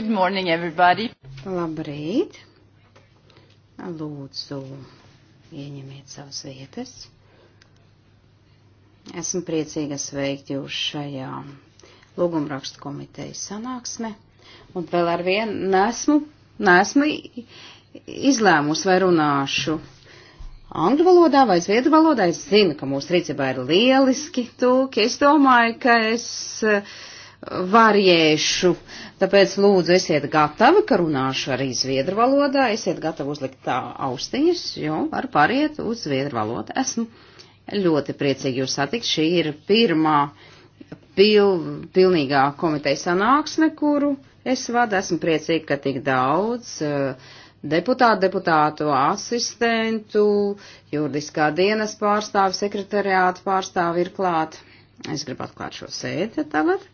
Good morning, everybody. Labrīt. Lūdzu, ieņemiet savas vietas. Esmu priecīga sveikt jūs šajā lūgumrakstu komitejas sanāksmē. Un vēl ar vienu nesmu, nesmu izlēmusi vai runāšu angļu valodā vai zviedru valodā. Es zinu, ka mūsu rīcībā ir lieliski tūki. Es domāju, ka es. Uh, variešu. Tāpēc lūdzu, esiet gatavi, ka runāšu arī zviedru valodā, esiet gatavi uzlikt tā austiņas, jo var pāriet uz zviedru valodu. Esmu ļoti priecīgi jūs satikt. Šī ir pirmā pil, pilnīgā komiteja sanāksme, kuru es vadu. Esmu priecīgi, ka tik daudz. Uh, deputātu, deputātu asistentu, juridiskā dienas pārstāvi, sekretariātu pārstāvi ir klāt. Es gribu atklāt šo sēdi tagad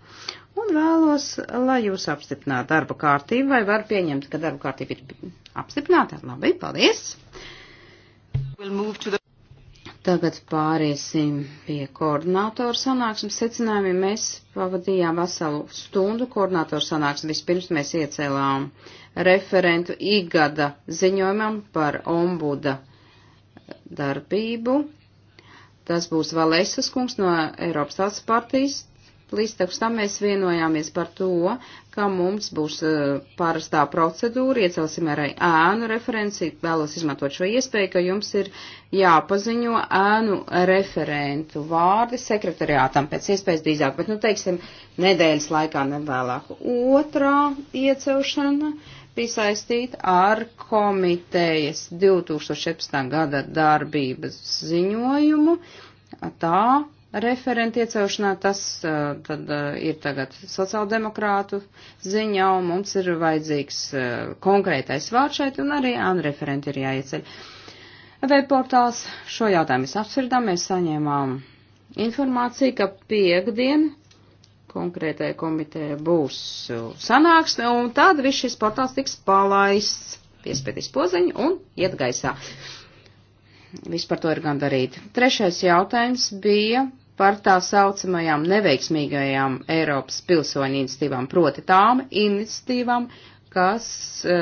un vēlos, lai jūs apstiprinātu darba kārtību, vai var pieņemt, ka darba kārtība ir apstiprināta. Labi, paldies! Tagad pāriesim pie koordinātoru sanāksmes secinājumiem. Mēs pavadījām veselu stundu koordinātoru sanāksmi. Vispirms mēs iecēlām referentu igada ziņojumam par ombuda darbību. Tas būs Valēsas kungs no Eiropas tautas partijas, Līdz tam mēs vienojāmies par to, ka mums būs e, pārastā procedūra, iecelsim arī ēnu referenci, vēlos izmantot šo iespēju, ka jums ir jāpaziņo ēnu referentu vārdi sekretariātam pēc iespējas drīzāk, bet, nu, teiksim, nedēļas laikā nevēlāk. Otrā iecelšana bija saistīta ar komitejas 2017. gada darbības ziņojumu. Tā referenti iecelšanā, tas tad ir tagad sociāldemokrātu ziņā, un mums ir vajadzīgs konkrētais vārds šeit, un arī anreferenti ir jāieceļ. Webportāls šo jautājumu mēs apsvirdām, mēs saņēmām informāciju, ka piekdien konkrētai komiteja būs sanāksme, un tad viss šis portāls tiks palaists, piespētīs poziņu un iet gaisā vispār to ir gandarīti. Trešais jautājums bija par tā saucamajām neveiksmīgajām Eiropas pilsoņu institīvām, proti tām institīvām, kas e,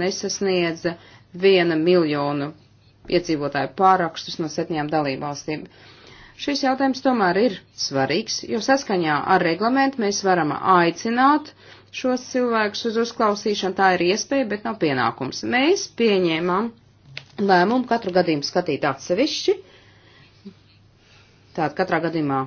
nesasniedza viena miljonu iedzīvotāju pārakstus no septiņām dalībvalstīm. Šis jautājums tomēr ir svarīgs, jo saskaņā ar reglamentu mēs varam aicināt šos cilvēkus uz uzklausīšanu. Tā ir iespēja, bet nav pienākums. Mēs pieņēmām lēmumu katru gadījumu skatīt atsevišķi. Tātad katrā gadījumā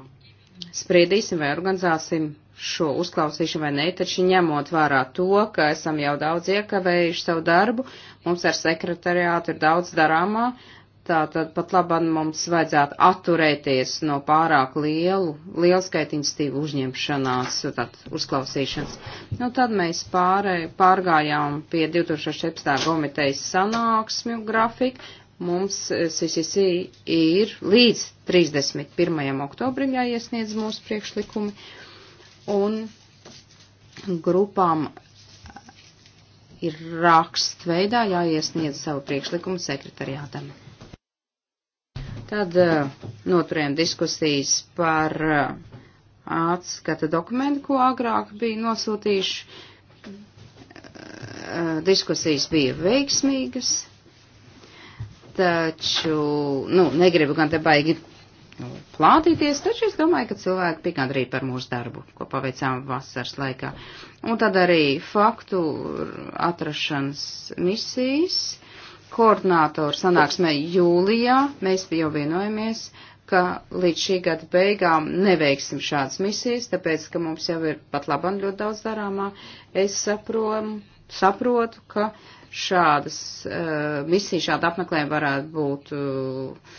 spriedīsim vai organizāsim šo uzklausīšanu vai ne, taču ņemot vērā to, ka esam jau daudz iekavējuši savu darbu, mums ar sekretariātu ir daudz darāmā, uh, Tātad pat labam mums vajadzētu atturēties no pārāk lielu, lielskaitiņu stīvu uzņemšanās, tad uzklausīšanas. Nu, tad mēs pārē, pārgājām pie 2017. komitejas sanāksmju grafika. Mums CCC eh, ir līdz 31. oktobrim jāiesniedz mūsu priekšlikumi. Un grupām ir rakstveidā jāiesniedz savu priekšlikumu sekretariātam. Tad eh, noturējām diskusijas par eh, atskata dokumentu, ko agrāk bija nosūtījuši. Eh, diskusijas bija veiksmīgas, taču, nu, negribu gan te baigi nu, plātīties, taču es domāju, ka cilvēki bija gandrīz par mūsu darbu, ko paveicām vasaras laikā. Un tad arī faktu atrašanas misijas koordinātoru sanāksmē jūlijā mēs jau vienojamies, ka līdz šī gada beigām neveiksim šādas misijas, tāpēc, ka mums jau ir pat labam ļoti daudz darāmā. Es saprotu, saprotu ka šādas uh, misijas, šāda apmeklējuma varētu būt uh,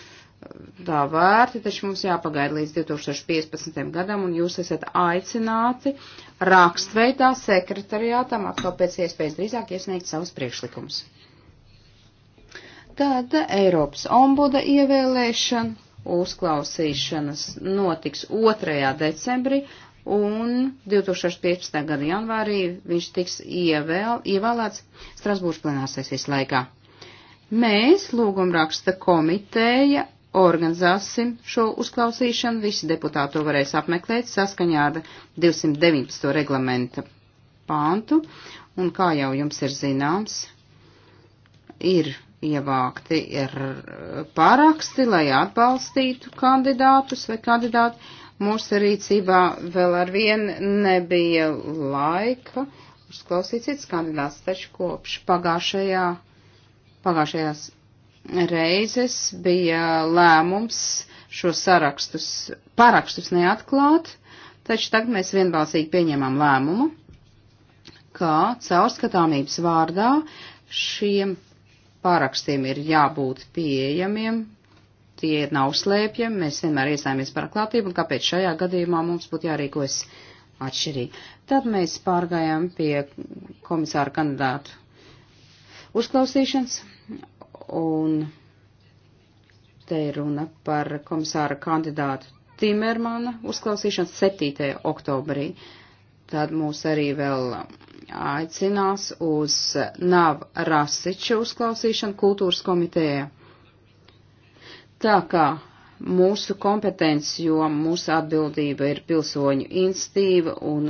tā vērti, taču mums jāpagaida līdz 2015. gadam, un jūs esat aicināti rakstveidā sekretariātam atkal pēc iespējas drīzāk iesniegt savus priekšlikumus. Tad Eiropas ombuda ievēlēšana uzklausīšanas notiks 2. decembrī un 2015. gada janvārī viņš tiks ievēl, ievēlēts Strasbūras plenārsēsīs laikā. Mēs, lūgumraksta komiteja, organizāsim šo uzklausīšanu, visi deputāti to varēs apmeklēt saskaņā ar 219. reglamenta pāntu, un kā jau jums ir zināms, ir ievākti ir paraksti, lai atbalstītu kandidātus vai kandidātu. Mūsu rīcībā vēl ar vienu nebija laika uzklausīt cits kandidāts, taču kopš pagājušajā, pagājušajās reizes bija lēmums šo sarakstus, parakstus neatklāt, taču tagad mēs vienbalsīgi pieņemam lēmumu, ka caurskatāmības vārdā šiem pārakstiem ir jābūt pieejamiem, tie nav slēpjami, mēs vienmēr iestājāmies par atklātību, un kāpēc šajā gadījumā mums būtu jārīkojas atšķirīgi. Tad mēs pārgājām pie komisāra kandidātu uzklausīšanas, un te ir runa par komisāra kandidātu Timermana uzklausīšanu 7. oktobrī. Uh, tad mūs arī vēl aicinās uz Nav Rasiču uzklausīšanu kultūras komitejā. Tā kā mūsu kompetenci, jo mūsu atbildība ir pilsoņu institīva un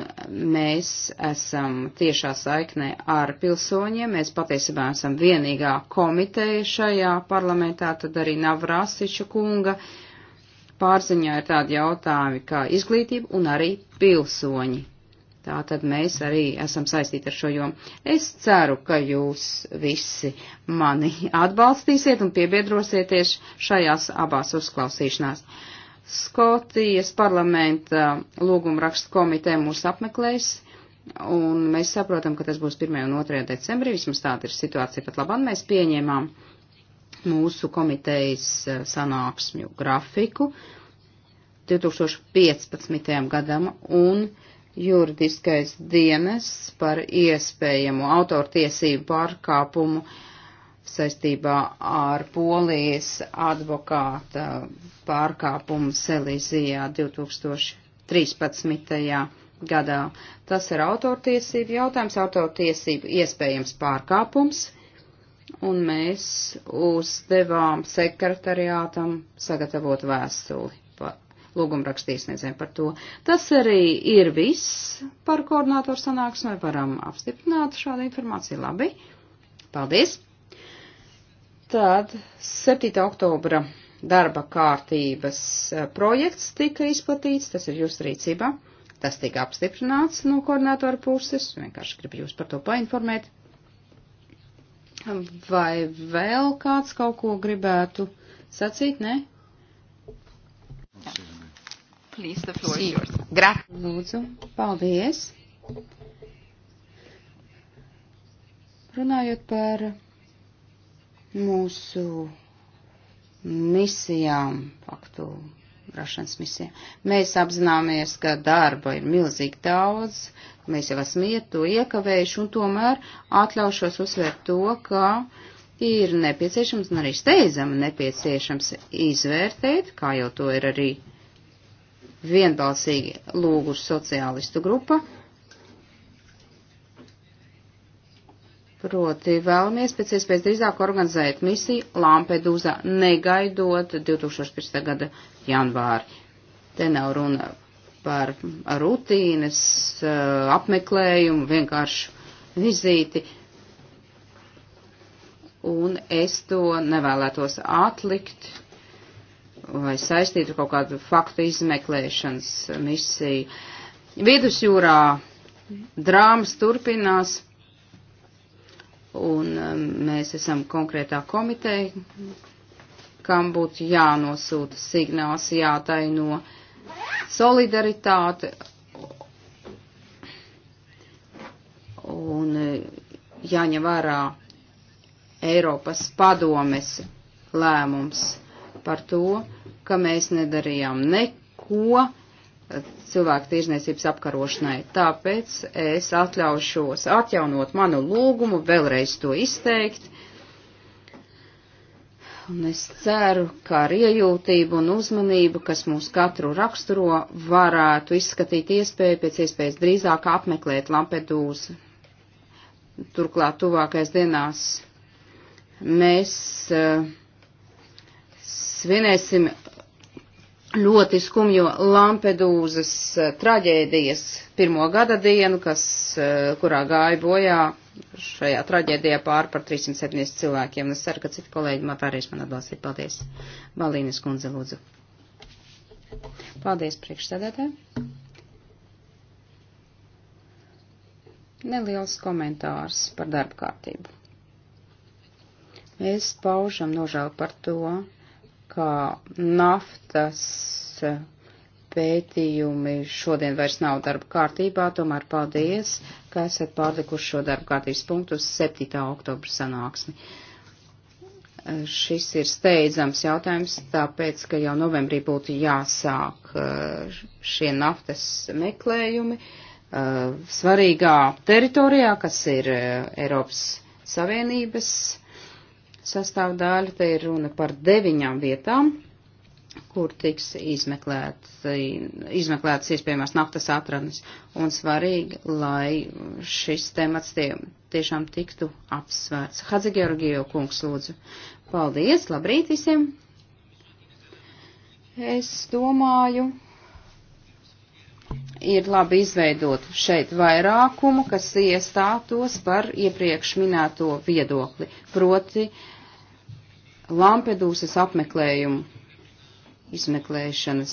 mēs esam tiešā saiknē ar pilsoņiem. Mēs patiesībā esam vienīgā komiteja šajā parlamentā, tad arī Navrasiča kunga pārziņā ir tādi jautājumi kā izglītība un arī pilsoņi. Tā tad mēs arī esam saistīti ar šo jomu. Es ceru, ka jūs visi mani atbalstīsiet un piebiedrosieties šajās abās uzklausīšanās. Skotijas parlamenta lūguma rakstu komiteja mūs apmeklēs, un mēs saprotam, ka tas būs 1. un 2. decembrī, vismaz tāda ir situācija pat labāk. Mēs pieņēmām mūsu komitejas eh, sanāksmju grafiku 2015. gadam, un juridiskais dienas par iespējamu autortiesību pārkāpumu saistībā ar polijas advokāta pārkāpumu Selīzijā 2013. gadā. Tas ir autortiesību jautājums, autortiesību iespējams pārkāpums, un mēs uzdevām sekretariātam sagatavot vēstuli lūgumrakstīsniedzējiem par to. Tas arī ir viss par koordinātoru sanāksmi, varam apstiprināt šādu informāciju. Labi, paldies! Tad 7. oktobra darba kārtības eh, projekts tika izplatīts, tas ir jūsu rīcībā. Tas tika apstiprināts no koordinātora puses, vienkārši gribu jūs par to painformēt. Vai vēl kāds kaut ko gribētu sacīt, ne? Please, the floor is yours. Gra Lūdzu, paldies. Runājot par mūsu misijām, faktu rašanas misijām, mēs apzināmies, ka darba ir milzīgi daudz, mēs jau esam iet to iekavējuši, un tomēr atļaušos uzsvērt to, ka ir nepieciešams, un arī steidzami nepieciešams izvērtēt, kā jau to ir arī vienbalsīgi lūguši sociālistu grupa. Proti vēlamies pēc iespējas drīzāk organizēt misiju Lampedūzā, negaidot 2015. gada janvāri. Te nav runa par rutīnas eh, apmeklējumu, vienkārši vizīti. Un es to nevēlētos atlikt lai saistītu kaut kādu faktu izmeklēšanas misiju. Vidusjūrā drāmas turpinās, un um, mēs esam konkrētā komiteja, kam būtu jānosūta signāls, jātaino solidaritāte un uh, jāņem vērā Eiropas padomes lēmums par to, ka mēs nedarījām neko cilvēku tirzniecības apkarošanai. Tāpēc es atļaušos atjaunot manu lūgumu, vēlreiz to izteikt. Un es ceru, ka ar iejūtību un uzmanību, kas mūs katru raksturo, varētu izskatīt iespēju pēc iespējas drīzāk apmeklēt Lampedūzu. Turklāt tuvākais dienās mēs uh, svinēsim ļoti skumjo Lampedūzas eh, traģēdijas pirmo gada dienu, kas, eh, kurā gāja bojā šajā traģēdijā pār par 370 cilvēkiem. Es ceru, ka citi kolēģi man varēs man atbalstīt. Paldies. Valīnes kundze, lūdzu. Paldies, priekšsēdētāji. Neliels komentārs par darba kārtību. Mēs paužam nožēlu par to, kā naftas pētījumi šodien vairs nav darba kārtībā, tomēr paldies, ka esat pārlikuši šo darba kārtības punktu uz 7. oktobra sanāksmi. Šis ir steidzams jautājums, tāpēc, ka jau novembrī būtu jāsāk uh, šie naftas meklējumi uh, svarīgā teritorijā, kas ir uh, Eiropas Savienības sastāvdaļu. Te ir runa par deviņām vietām, kur tiks izmeklēts, izmeklēts iespējamās naftas atranes. Un svarīgi, lai šis temats tie, tiešām tiktu apsvērts. Hadzi Georgijo kungs lūdzu. Paldies, labrīt visiem! Es domāju, ir labi izveidot šeit vairākumu, kas iestātos par iepriekš minēto viedokli, proti Lampedūzas apmeklējumu izmeklēšanas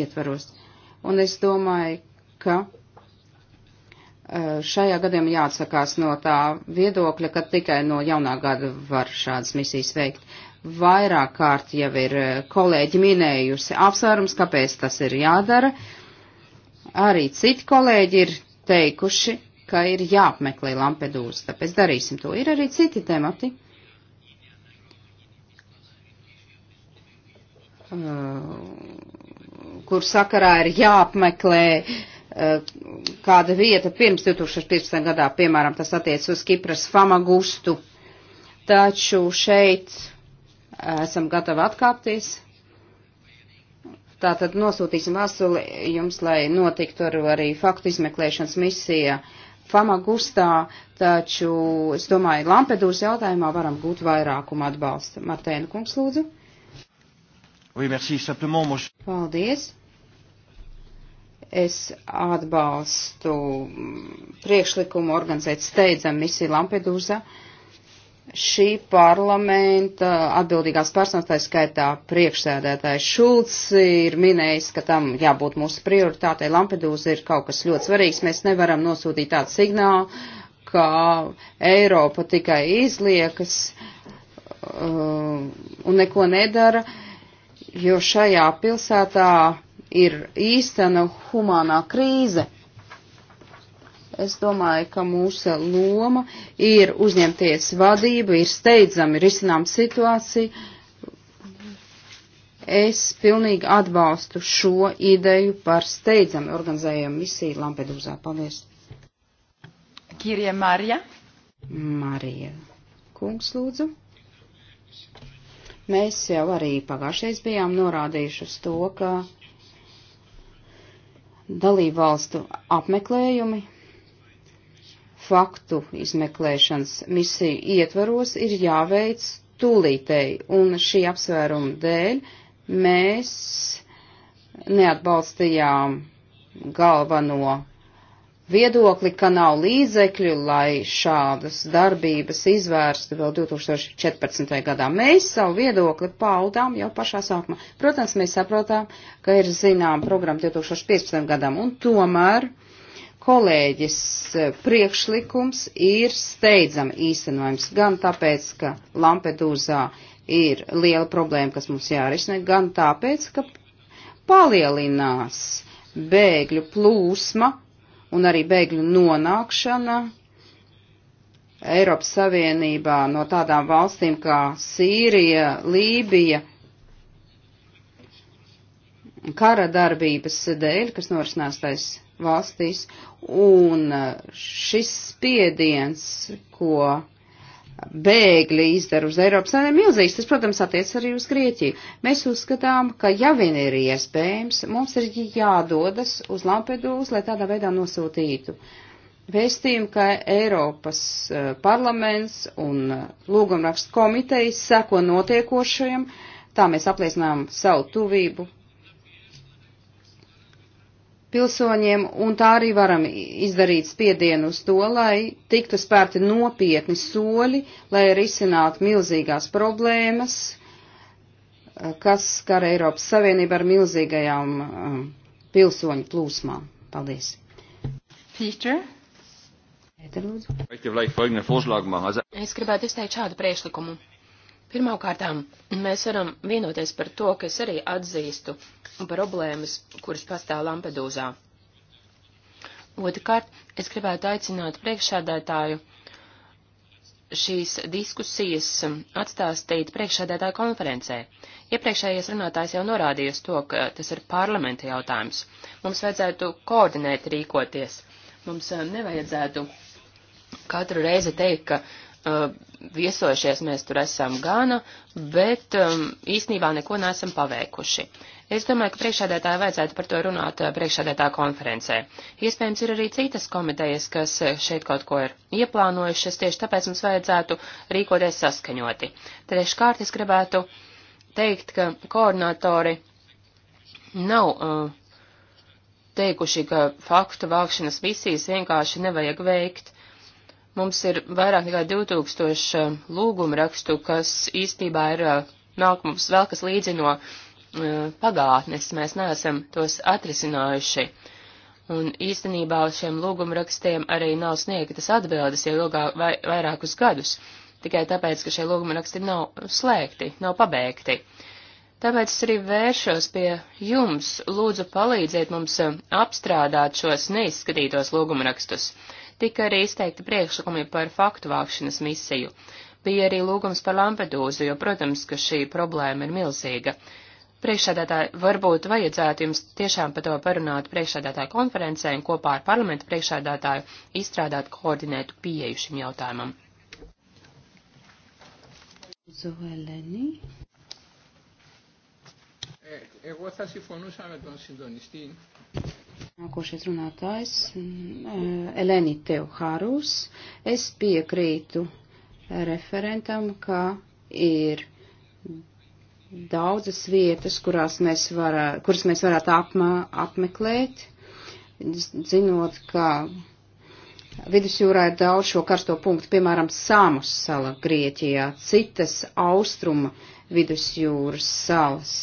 ietvaros. Un es domāju, ka e, šajā gadījumā jāatsakās no tā viedokļa, ka tikai no jaunā gada var šādas misijas veikt. Vairāk kārt jau ir e, kolēģi minējusi apsvērums, kāpēc tas ir jādara. Arī citi kolēģi ir teikuši, ka ir jāapmeklē Lampedūza, tāpēc darīsim to. Ir arī citi temati. Uh, Mm, kur sakarā ir jāapmeklē eh, kāda vieta pirms 2015. gadā, piemēram, tas attiec uz Kipras Famagustu. Taču šeit eh, esam gatavi atkāpties. Tātad nosūtīsim vēstuli jums, lai notiktu ar, arī faktu izmeklēšanas misija Famagustā, taču es domāju, Lampedūras jautājumā varam gūt vairākumu atbalstu. Martēna Kungs, lūdzu. Oui, merci. Simplement, moi... Paldies. Es atbalstu mm, priekšlikumu organizēt steidzam misiju Lampedūza. Šī parlamenta atbildīgās personas, tā skaitā priekšsēdētājs Šulcs, ir minējis, ka tam jābūt mūsu prioritātei. Lampedūza ir kaut kas ļoti svarīgs. Mēs nevaram nosūtīt tādu signālu, ka Eiropa tikai izliekas uh, un neko nedara. Uh, jo šajā pilsētā ir īstena humānā krīze. Es domāju, ka mūsu loma ir uzņemties vadību, ir steidzami risinām situāciju. Es pilnīgi atbalstu šo ideju par steidzami organizējumu misiju Lampedūzā. Paldies! Kirja Marija. Marija. Kungs lūdzu. Mēs jau arī pagājušreiz bijām norādījuši uz to, ka dalību valstu apmeklējumi faktu izmeklēšanas misiju ietvaros ir jāveic tūlītēji, un šī apsvēruma dēļ mēs neatbalstījām galveno viedokli, ka nav līdzekļu, lai šādas darbības izvērstu vēl 2014. gadā. Mēs savu viedokli paudām jau pašā sākumā. Protams, mēs saprotām, ka ir zinām programma 2015. gadam, un tomēr kolēģis eh, priekšlikums ir steidzami īstenojams, gan tāpēc, ka Lampedūzā ir liela problēma, kas mums jārisina, gan tāpēc, ka palielinās bēgļu plūsma un arī bēgļu nonākšana Eiropas Savienībā no tādām valstīm kā Sīrija, Lībija, kara darbības dēļ, kas norisinās tais valstīs, un šis spiediens, ko bēgļi izdara uz Eiropas Savienību milzīgs, tas, protams, attiec arī uz Grieķiju. Mēs uzskatām, ka ja vien ir iespējams, mums ir jādodas uz Lampedūs, lai tādā veidā nosūtītu vēstījumu, ka Eiropas eh, parlaments un eh, lūgumrakstu komitejas seko notiekošajam, tā mēs apliecinām savu tuvību pilsoņiem, un tā arī varam izdarīt spiedienu uz to, lai tiktu spērti nopietni soļi, lai risinātu milzīgās problēmas, eh, kas skar Eiropas Savienību ar milzīgajām um, pilsoņu plūsmām. Paldies! Peter? Peter, lūdzu. Es gribētu izteikt šādu priešlikumu Pirmkārtām, mēs varam vienoties par to, ka es arī atzīstu problēmas, kuras pastāv Lampedūzā. Otrakārt, es gribētu aicināt priekšsēdētāju šīs diskusijas atstāstīt priekšsēdētāju konferencē. Iepriekšējais runātājs jau norādījis to, ka tas ir parlamenta jautājums. Mums vajadzētu koordinēt rīkoties. Mums eh, nevajadzētu katru reizi teikt, ka uh, viesojušies mēs tur esam gana, bet um, īsnībā neko neesam paveikuši. Es domāju, ka priekšādētāja vajadzētu par to runāt uh, priekšādētā konferencē. Iespējams, ir arī citas komitejas, kas uh, šeit kaut ko ir ieplānojušas, tieši tāpēc mums vajadzētu rīkoties saskaņoti. Treškārt es gribētu teikt, ka koordinatori nav. Uh, teikuši, ka faktu vākšanas misijas vienkārši nevajag veikt. Mums ir vairāk nekā 2000 um, lūgumu rakstu, kas īstenībā ir uh, nāk mums vēl kas līdzi no uh, pagātnes. Mēs neesam tos atrisinājuši. Un īstenībā uz šiem lūgumrakstiem arī nav sniegtas atbildes jau ilgāk vai, vairākus gadus, tikai tāpēc, ka šie lūgumraksti nav slēgti, nav pabeigti. Tāpēc es arī vēršos pie jums, lūdzu palīdziet mums um, apstrādāt šos neizskatītos lūgumrakstus. rakstus. Tika arī izteikti priekšlikumi par faktu vākšanas misiju. Bija arī lūgums par Lampedūzu, jo, protams, ka šī problēma ir milzīga. Priekšsēdētāji, varbūt vajadzētu jums tiešām par to parunāt priekšsēdētāju konferencē un kopā ar parlamentu priekšsēdētāju izstrādāt koordinētu pieeju šim jautājumam. Ζωελένη. Ε, εγώ θα συμφωνούσα με τον συντονιστή Nākošais runātājs mm, eh, Eleni Teohārus. Es piekrītu referentam, ka ir daudzas vietas, kurās mēs varā, kuras mēs varētu apmā, apmeklēt, zinot, ka vidusjūrā ir daudz šo karsto punktu, piemēram, Samus sala Grieķijā, citas austruma vidusjūras salas.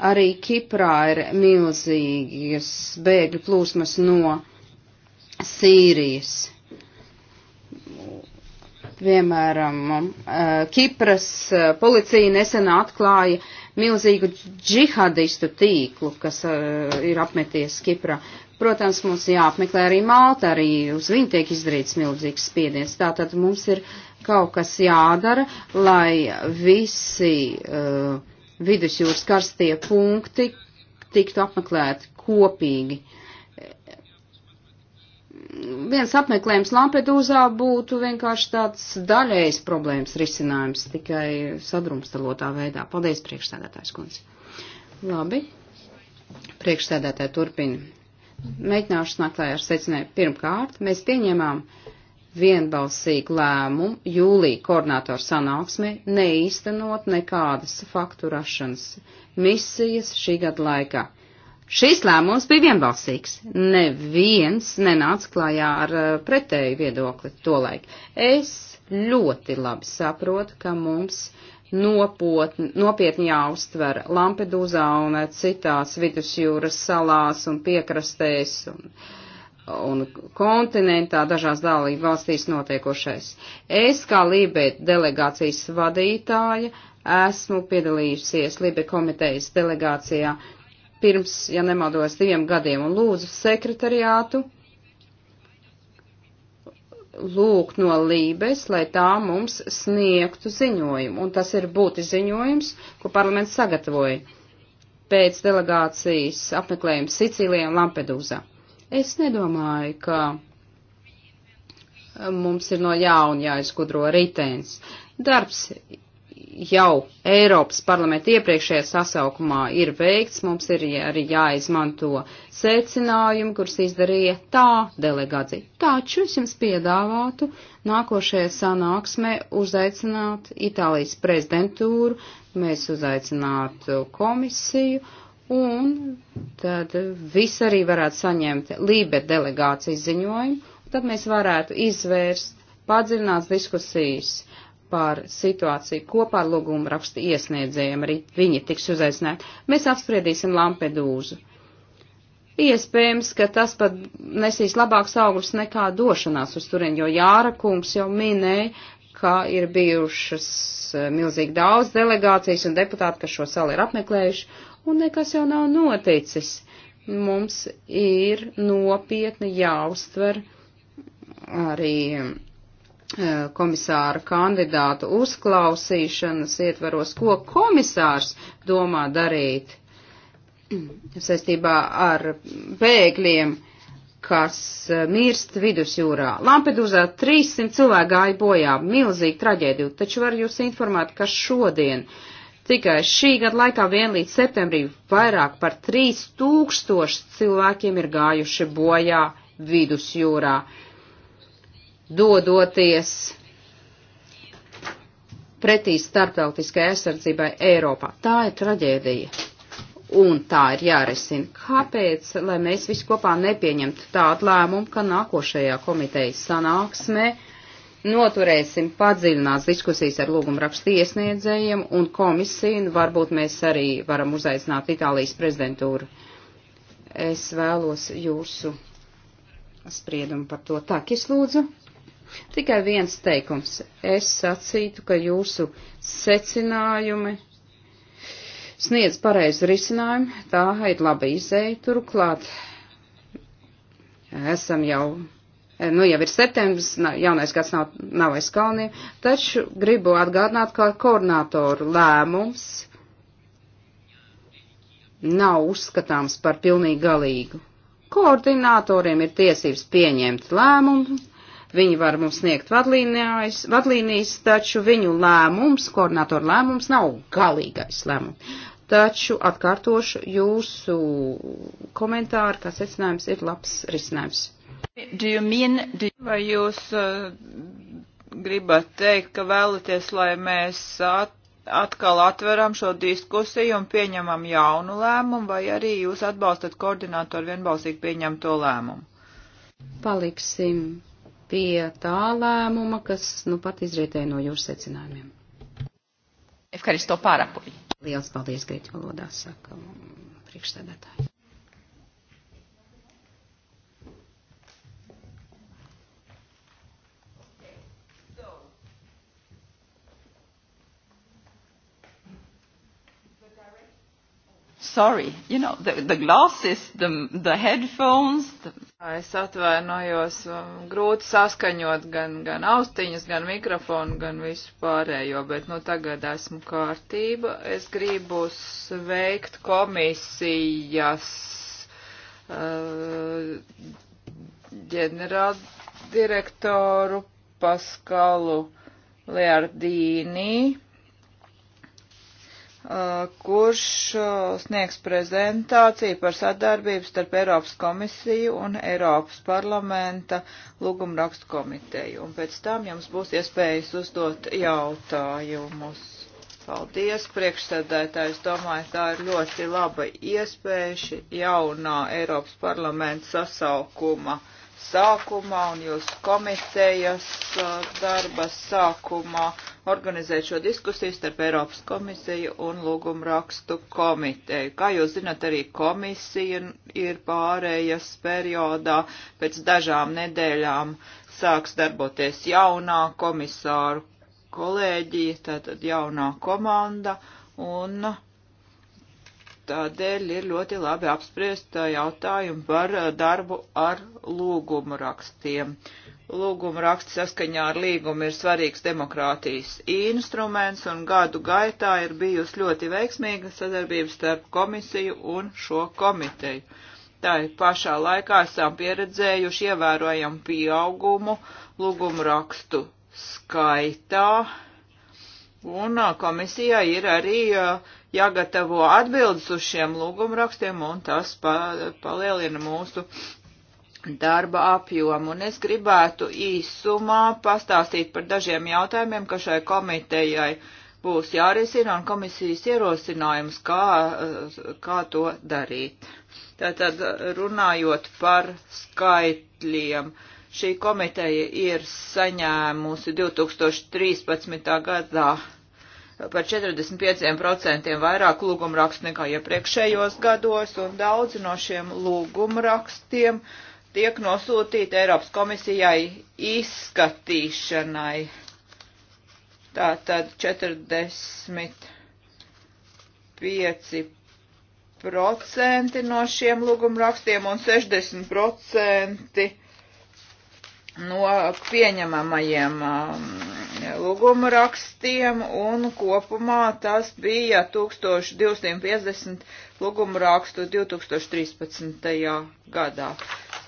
Arī Kiprā ir milzīgas bēgļu plūsmas no Sīrijas. Piemēram, eh, Kipras eh, policija nesen atklāja milzīgu džihadistu tīklu, kas eh, ir apmeties Kiprā. Protams, mums jāapmeklē arī Malta, arī uz viņu tiek izdarīts milzīgs spiediens. Tātad mums ir kaut kas jādara, lai visi uh, vidusjūras karstie punkti tiktu apmeklēti kopīgi. Viens apmeklējums Lampedūzā būtu vienkārši tāds daļējs problēmas risinājums, tikai sadrumstalotā veidā. Paldies, priekšstādātājs kundze. Labi. Priekšstādātāji turpina. Mēģināšu nākt klājā ar secinājumu. Pirmkārt, mēs pieņemām uh, vienbalsīgu lēmumu jūlija koordinātoru sanāksmē neīstenot nekādas faktu rašanas misijas šī gada laikā. Šis lēmums bija vienbalsīgs. Neviens nenāca klājā ar eh, pretēju viedokli tolaik. Es ļoti labi saprotu, ka mums nopotni, nopietni jāuztver Lampedūzā un eh, citās vidusjūras salās un piekrastēs un uh, un kontinentā dažās dalību valstīs notiekošais. Es kā Lībe delegācijas vadītāja esmu piedalījusies Lībe komitejas delegācijā pirms, ja nemaldos, diviem gadiem un lūdzu sekretariātu lūgt no Lībes, lai tā mums sniegtu ziņojumu. Un tas ir būti ziņojums, ko parlaments sagatavoja pēc delegācijas apmeklējuma Sicīlijā un Lampedūzā. Es nedomāju, ka mums ir no jauna jāizgudro ritens. Darbs jau Eiropas parlamenta iepriekšējā sasaukumā ir veikts, mums ir arī jāizmanto secinājumi, kurus izdarīja tā delegācija. Taču es jums piedāvātu nākošajā sanāksmē uzaicināt Itālijas prezidentūru, mēs uzaicinātu komisiju Un tad visi arī varētu saņemt Lībe delegācijas ziņojumu, un tad mēs varētu izvērst padziļināts diskusijas par situāciju kopā ar lūgumu rakstu iesniedzējiem, arī viņi tiks uzaicināti. Mēs apspriedīsim Lampedūzu. Iespējams, ka tas pat nesīs labāks augurs nekā došanās uz turien, jo Jāra kungs jau minēja, ka ir bijušas eh, milzīgi daudz delegācijas un deputāti, kas šo salu ir apmeklējuši, un nekas jau nav noticis. Mums ir nopietni jāuztver arī eh, komisāra kandidātu uzklausīšanas ietvaros, ko komisārs domā darīt saistībā ar bēgļiem, kas eh, mirst vidusjūrā. Lampedūzā 300 cilvēku gāja bojā, milzīga traģēdija, taču var jūs informēt, ka šodien uh, Tikai šī gada laikā vien līdz septembrim vairāk par 3000 cilvēkiem ir gājuši bojā vidusjūrā, dodoties pretī starptautiskai aizsardzībai Eiropā. Tā ir traģēdija. Un tā ir jārisina. Kāpēc, lai mēs visi kopā nepieņemtu tādu lēmumu, ka nākošajā komitejas sanāksmē noturēsim padziļināts diskusijas ar lūgumu rakstu iesniedzējiem un komisiju, un varbūt mēs arī varam uzaicināt Itālijas prezidentūru. Es vēlos jūsu spriedumu par to. Tā, kis lūdzu. Tikai viens teikums. Es sacītu, ka jūsu secinājumi sniedz pareizu risinājumu. Tā ir laba izēja. Turklāt esam jau Eh, nu jau ir septembris, jaunais gads nav, nav aiz kalniem, taču gribu atgādināt, ka koordinātoru lēmums nav uzskatāms par pilnīgi galīgu. Koordinātoriem ir tiesības pieņemt lēmumu, viņi var mums sniegt vadlīnijas, vadlīnijas taču viņu lēmums, koordinātoru lēmums nav galīgais lēmums. Taču atkārtošu jūsu komentāru, kā secinājums ir labs risinājums. Do you mean, do you... Vai jūs uh, gribat teikt, ka vēlaties, lai mēs at, atkal atveram šo diskusiju un pieņemam jaunu lēmumu, vai arī jūs atbalstat koordinātoru vienbalsīgi pieņemto lēmumu? Paliksim pie tā lēmuma, kas nu pat izrietēja no jūsu secinājumiem. Efkaristo pārapuļi. Liels paldies, Grieķu valodā, saka priekšsēdētāji. sorry. You know, the, the glasses, the, the headphones. The... Es atvainojos, um, grūti saskaņot gan, gan austiņas, gan mikrofonu, gan visu pārējo, bet nu tagad esmu kārtība. Es gribu sveikt komisijas uh, ģenerāldirektoru Paskalu Leardīni Uh, kurš uh, sniegs prezentāciju par sadarbību starp Eiropas komisiju un Eiropas parlamenta lūgumrakstu komiteju. Un pēc tam jums būs iespējas uzdot jautājumus. Paldies, priekšsēdētājs. Domāju, tā ir ļoti laba iespēja šī jaunā Eiropas parlamenta sasaukuma sākumā un jūs komisējas uh, darba sākumā organizēt šo diskusiju starp Eiropas komisiju un lūgumrakstu komiteju. Kā jūs zināt, arī komisija ir pārējas periodā pēc dažām nedēļām sāks darboties jaunā komisāru kolēģija, tātad jaunā komanda un uh, Tādēļ ir ļoti labi apspriest jautājumu par darbu ar lūgumu rakstiem. Lūguma raksts saskaņā ar līgumu ir svarīgs demokrātijas instruments, un gadu gaitā ir bijusi ļoti veiksmīga sadarbība starp komisiju un šo komiteju. Tā ir pašā laikā esam pieredzējuši ievērojamu pieaugumu lūgumu rakstu skaitā, un komisijā ir arī uh, jāgatavo atbildes uz šiem lūgumrakstiem, un tas pa, palielina mūsu darba apjomu. Un es gribētu īsumā pastāstīt par dažiem jautājumiem, ka šai komitejai būs jārisina, un komisijas ierosinājums, kā, kā to darīt. Tātad runājot par skaitļiem. Šī komiteja ir saņēmusi 2013. gadā par 45% vairāk lūgumrakstu nekā iepriekšējos gados, un daudzi no šiem lūgumrakstiem tiek nosūtīti Eiropas komisijai izskatīšanai. Tātad 45% no šiem lūgumrakstiem un 60% no pieņemamajiem um, lūgumu rakstiem, un kopumā tas bija 1250 lūgumu rakstu 2013. gadā.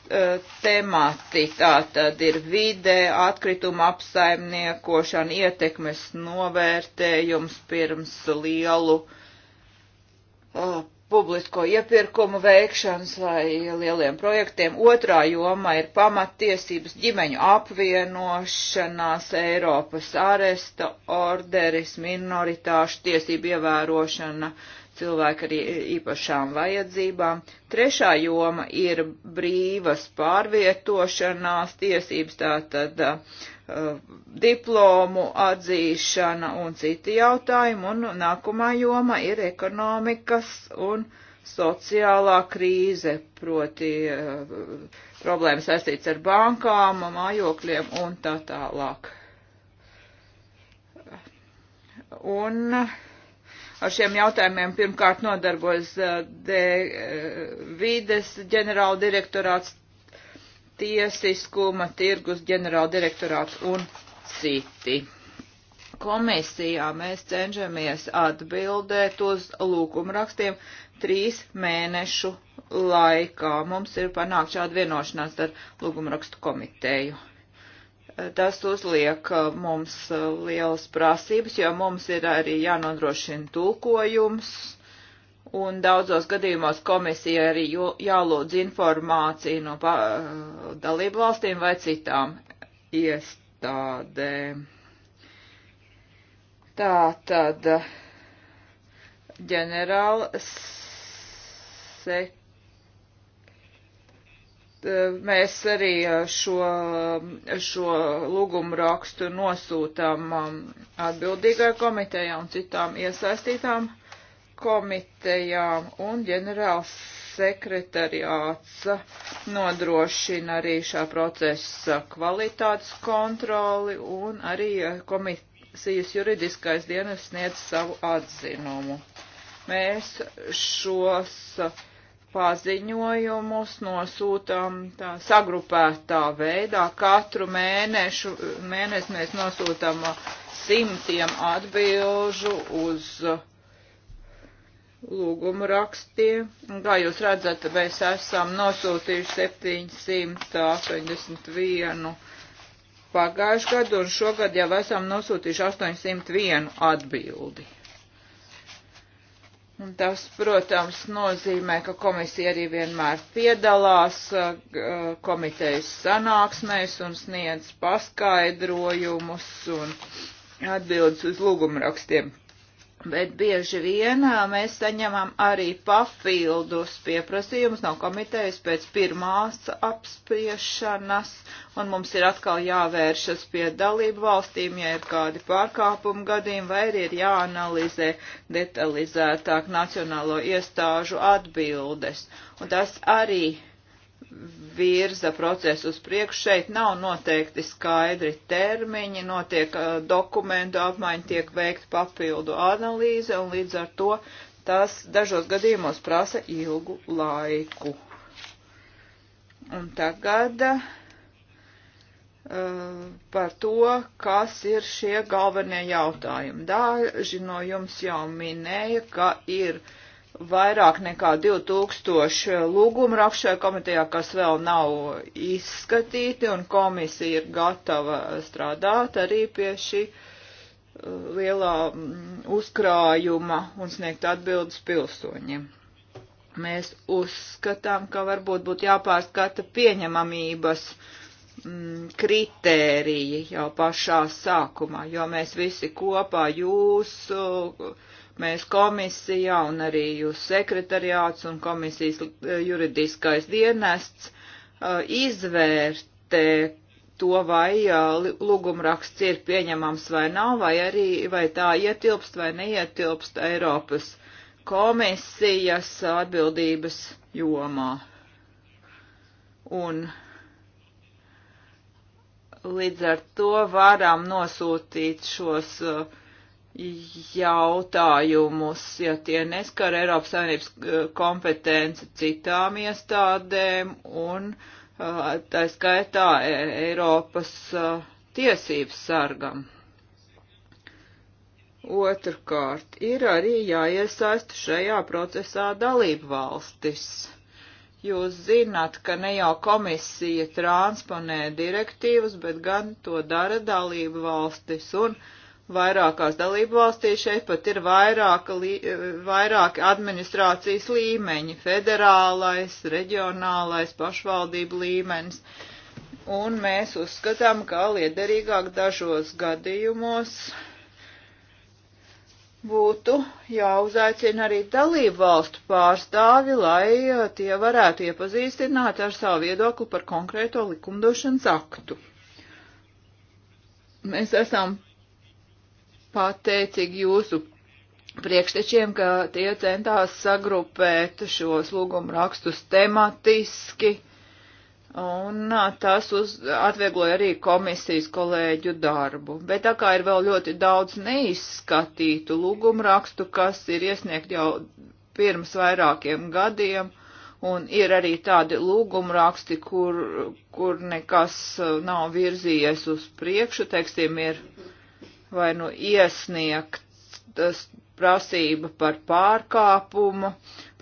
E, temati tā tad ir vide, atkrituma apsaimniekošana, ietekmes novērtējums pirms lielu publisko iepirkumu veikšanas vai lieliem projektiem. Otrā joma ir pamattiesības ģimeņu apvienošanās, Eiropas aresta orderis, minoritāšu tiesību ievērošana, uh, cilvēki ar īpašām vajadzībām. Trešā joma ir brīvas pārvietošanās tiesības, tātad uh, diplomu atzīšana un citi jautājumi, un nākamā joma ir ekonomikas un sociālā krīze, proti uh, problēmas saistīts ar bankām, mājokļiem un tā tālāk. Un uh, ar šiem jautājumiem pirmkārt nodarbojas eh, de, eh, vides ģenerāla direktorāts, tiesiskuma, tirgus ģenerāla direktorāts un citi. Komisijā mēs cenšamies atbildēt uz lūgumrakstiem trīs mēnešu laikā. Mums ir panākt šādu vienošanās ar lūgumrakstu komiteju tas uzliek uh, mums uh, lielas prasības, jo mums ir arī jānodrošina tulkojums, un daudzos gadījumos komisija arī jālūdz informāciju no uh, dalību valstīm vai citām iestādēm. Tā tad ģenerāla sekretārs mēs arī eh, šo, šo lūgumu rakstu nosūtām um, atbildīgai komitejā un citām iesaistītām komitejām un ģenerāls sekretariāts nodrošina arī šā procesa kvalitātes kontroli un arī eh, komisijas juridiskais dienas sniedz savu atzinumu. Mēs šos uh, paziņojumus nosūtām tā sagrupētā veidā. Katru mēnešu, mēnesi mēs nosūtām simtiem atbilžu uz lūgumu rakstiem. Kā jūs redzat, mēs esam nosūtījuši 781 pagājušajā gadu un šogad jau esam nosūtījuši 801 atbildi. Un tas, protams, nozīmē, ka komisija arī vienmēr piedalās komitejas sanāksmēs un sniedz paskaidrojumus un atbildes uz lūgumrakstiem. Bet bieži vien mēs saņemam arī papildus pieprasījumus no komitejas pēc pirmās apspriešanas, un mums ir atkal jāvēršas pie dalību valstīm, ja ir kādi pārkāpumu gadījumi, vai arī ir jāanalizē detalizētāk nacionālo iestāžu atbildes. Un tas arī virza procesu uz priekšu. Šeit nav noteikti skaidri termiņi, notiek uh, dokumentu apmaiņa, tiek veikta papildu analīze, un līdz ar to tas dažos gadījumos prasa ilgu laiku. Un tagad uh, par to, kas ir šie galvenie jautājumi. Daži no jums jau minēja, ka ir uh, vairāk nekā 2000 lūgumu rakšai komitejā, kas vēl nav izskatīti, un komisija ir gatava strādāt arī pie šī uh, lielā mm, uzkrājuma un sniegt atbildes pilsoņiem. Mēs uzskatām, ka varbūt būtu jāpārskata pieņemamības mm, kritēriji jau pašā sākumā, jo mēs visi kopā jūsu uh, mēs komisijā un arī jūs sekretariāts un komisijas eh, juridiskais dienests eh, izvērtē to, vai eh, lūgumraksts ir pieņemams vai nav, vai arī vai tā ietilpst vai neietilpst Eiropas komisijas atbildības jomā. Un līdz ar to varam nosūtīt šos uh, jautājumus, ja tie neskar Eiropas Savienības eh, kompetenci citām iestādēm un eh, tā skaitā e, Eiropas eh, tiesības sargam. Otrkārt, ir arī jāiesaist šajā procesā dalību valstis. Jūs zināt, ka ne jau komisija transponē direktīvas, bet gan to dara dalību valstis, un uh, vairākās dalību valstīs šeit pat ir vairāka, vairāki administrācijas līmeņi - federālais, reģionālais, pašvaldību līmenis. Un mēs uzskatām, ka liederīgāk dažos gadījumos būtu jāuzaicina arī dalību valstu pārstāvi, lai uh, tie varētu iepazīstināt ar savu viedokli par konkrēto likumdošanas aktu. Mēs esam pateicīgi jūsu priekštečiem, ka tie centās sagrupēt šos lūgumu rakstus tematiski, un tas uz, atviegloja arī komisijas kolēģu darbu. Bet tā kā ir vēl ļoti daudz neizskatītu lūgumu rakstu, kas ir iesniegt jau pirms vairākiem gadiem, un ir arī tādi lūgumraksti, kur, kur nekas nav virzījies uz priekšu, teiksim, ir vai nu iesniegtas prasība par pārkāpumu,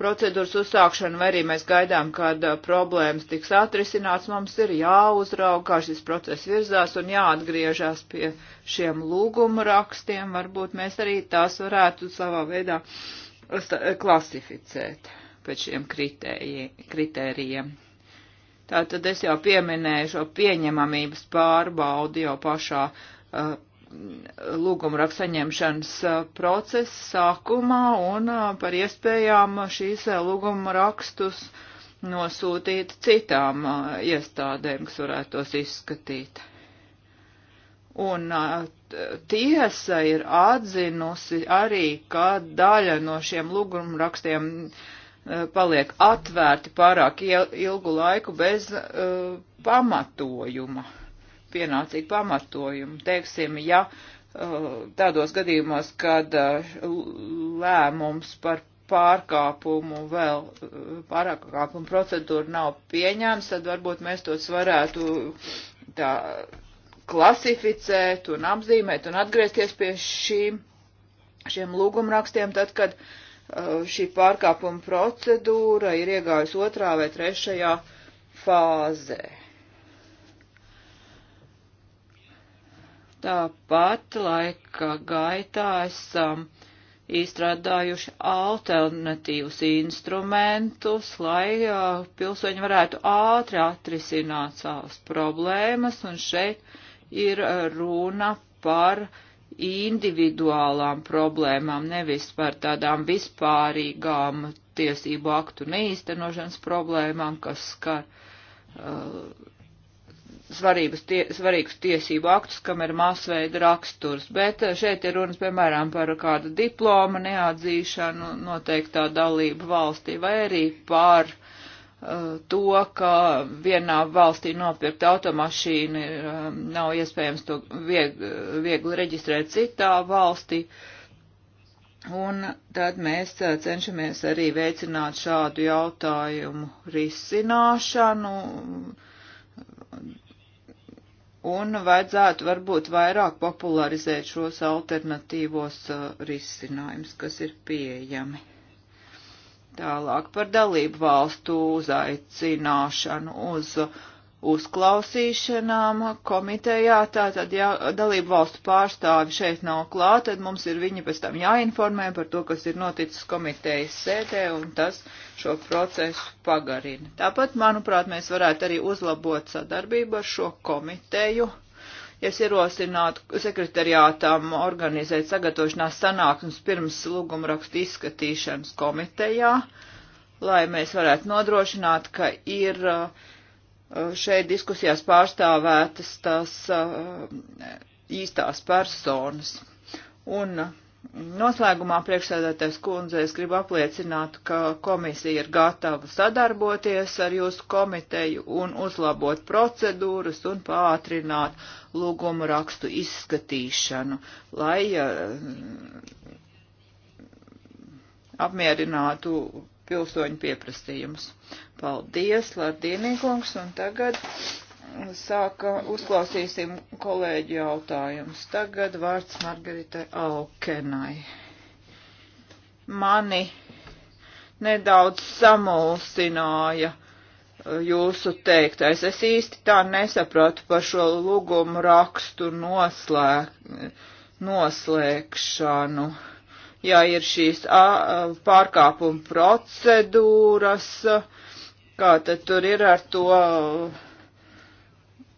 procedūras uzsākšanu, vai arī mēs gaidām, kad uh, problēmas tiks atrisināts, mums ir jāuzrauga, kā šis process virzās un jāatgriežas pie šiem lūguma rakstiem. Varbūt mēs arī tās varētu savā veidā uh, uh, klasificēt pēc šiem kritērijiem. Tātad es jau pieminēju šo pieņemamības pārbaudi jau pašā uh, lūguma raksaņemšanas uh, procesa sākumā un uh, par iespējām šīs uh, lūguma rakstus nosūtīt citām iestādēm, kas varētu tos izskatīt. Un tiesa ir atzinusi arī, ka daļa no šiem lūguma rakstiem paliek atvērti pārāk ilgu laiku bez uh, pamatojuma pienācīgu pamatojumu. Teiksim, ja uh, tādos gadījumos, kad uh, lēmums par pārkāpumu vēl, uh, pārkāpumu procedūru nav pieņēms, tad varbūt mēs tos varētu tā klasificēt un apzīmēt un atgriezties pie šīm, šiem lūgumrakstiem, tad, kad šī pārkāpuma procedūra ir iegājusi otrā vai trešajā fāzē. Tāpat laika gaitā esam izstrādājuši alternatīvus instrumentus, lai uh, pilsoņi varētu ātri atrisināt savas problēmas, un šeit ir runa par individuālām problēmām, nevis par tādām vispārīgām tiesību aktu neīstenošanas problēmām, kas skar uh, svarības, tie, svarīgus tiesību aktus, kam ir masveida raksturs, bet eh, šeit ir runas, piemēram, par kādu diploma neatzīšanu noteiktā dalību valstī vai arī par uh, to, ka vienā valstī nopirkt automašīnu uh, nav iespējams to viegli, viegli reģistrēt citā valstī. Un tad mēs cenšamies arī veicināt šādu jautājumu risināšanu, un vajadzētu varbūt vairāk popularizēt šos alternatīvos uh, risinājumus, kas ir pieejami. Tālāk par dalību valstu uzaicināšanu uz uh, uzklausīšanām komitejā, tātad, ja dalību valstu pārstāvi šeit nav klāt, tad mums ir viņi pēc tam jāinformē par to, kas ir noticis komitejas sēdē, un tas šo procesu pagarina. Tāpat, manuprāt, mēs varētu arī uzlabot sadarbību ar šo komiteju. Es ierosinātu sekretariātām organizēt sagatavošanās sanāksmes pirms lūgumrakstu izskatīšanas komitejā, lai mēs varētu nodrošināt, ka ir uh, Eh, šeit diskusijās pārstāvētas tās eh, īstās personas. Un eh, noslēgumā priekšsēdētājs kundze, es gribu apliecināt, ka komisija ir gatava sadarboties ar jūsu komiteju un uzlabot procedūras un pātrināt lūgumu rakstu izskatīšanu, lai apmierinātu pilsoņu pieprasījumus. Paldies, Lardīnīkungs, un tagad sāka uzklausīsim kolēģi jautājumus. Tagad vārds Margaritai Aukenai. Mani nedaudz samulsināja uh, jūsu teiktais. Es īsti tā nesapratu par šo lūgumu rakstu noslēg, noslēgšanu ja ir šīs pārkāpuma procedūras, kā tad tur ir ar to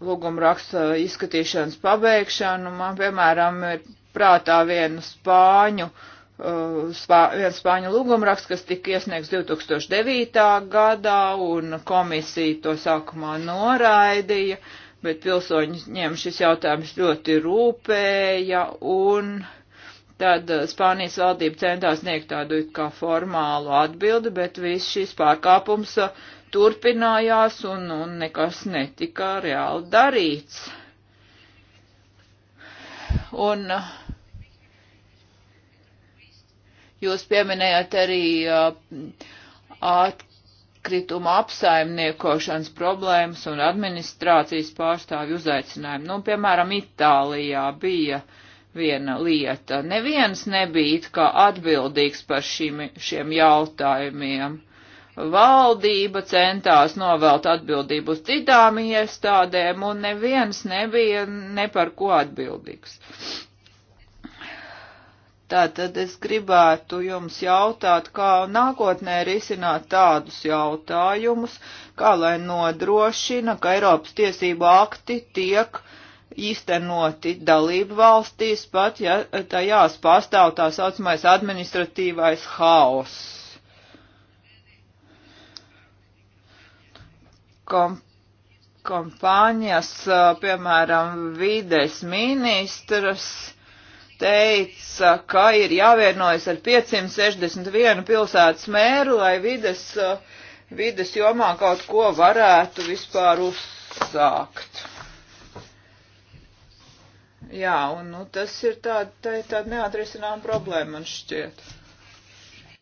lūgumraksta izskatīšanas pabeigšanu. Man, piemēram, ir prātā viena spāņu, spā, viens spāņu lūgumraksts, kas tika iesniegts 2009. gadā, un komisija to sākumā noraidīja, bet pilsoņi ņem šis jautājums ļoti rūpēja, un Tad eh, Spānijas valdība centās sniegt tādu kā formālu atbildi, bet viss šis pārkāpums eh, turpinājās un, un nekas netika reāli darīts. Un eh, jūs pieminējat arī atkrituma apsaimniekošanas problēmas un administrācijas pārstāvju uzaicinājumu. Nu, piemēram, Itālijā bija uh, viena lieta. Neviens nebija it kā atbildīgs par šim, šiem jautājumiem. Valdība centās novelt atbildību uz citām iestādēm, un neviens nebija ne par ko atbildīgs. Tātad es gribētu jums jautāt, kā nākotnē risināt tādus jautājumus, kā lai nodrošina, ka Eiropas tiesību akti tiek uh, īstenoti dalību valstīs, pat ja tajās pastāv tā saucamais administratīvais haoss. Kom kompānijas, piemēram, vides ministrs teica, ka ir jāvienojas ar 561 pilsētas mēru, lai vides, vides jomā kaut ko varētu vispār uzsākt. Jā, un nu, tas ir tāda tā, tā neatrisinām problēma, man šķiet.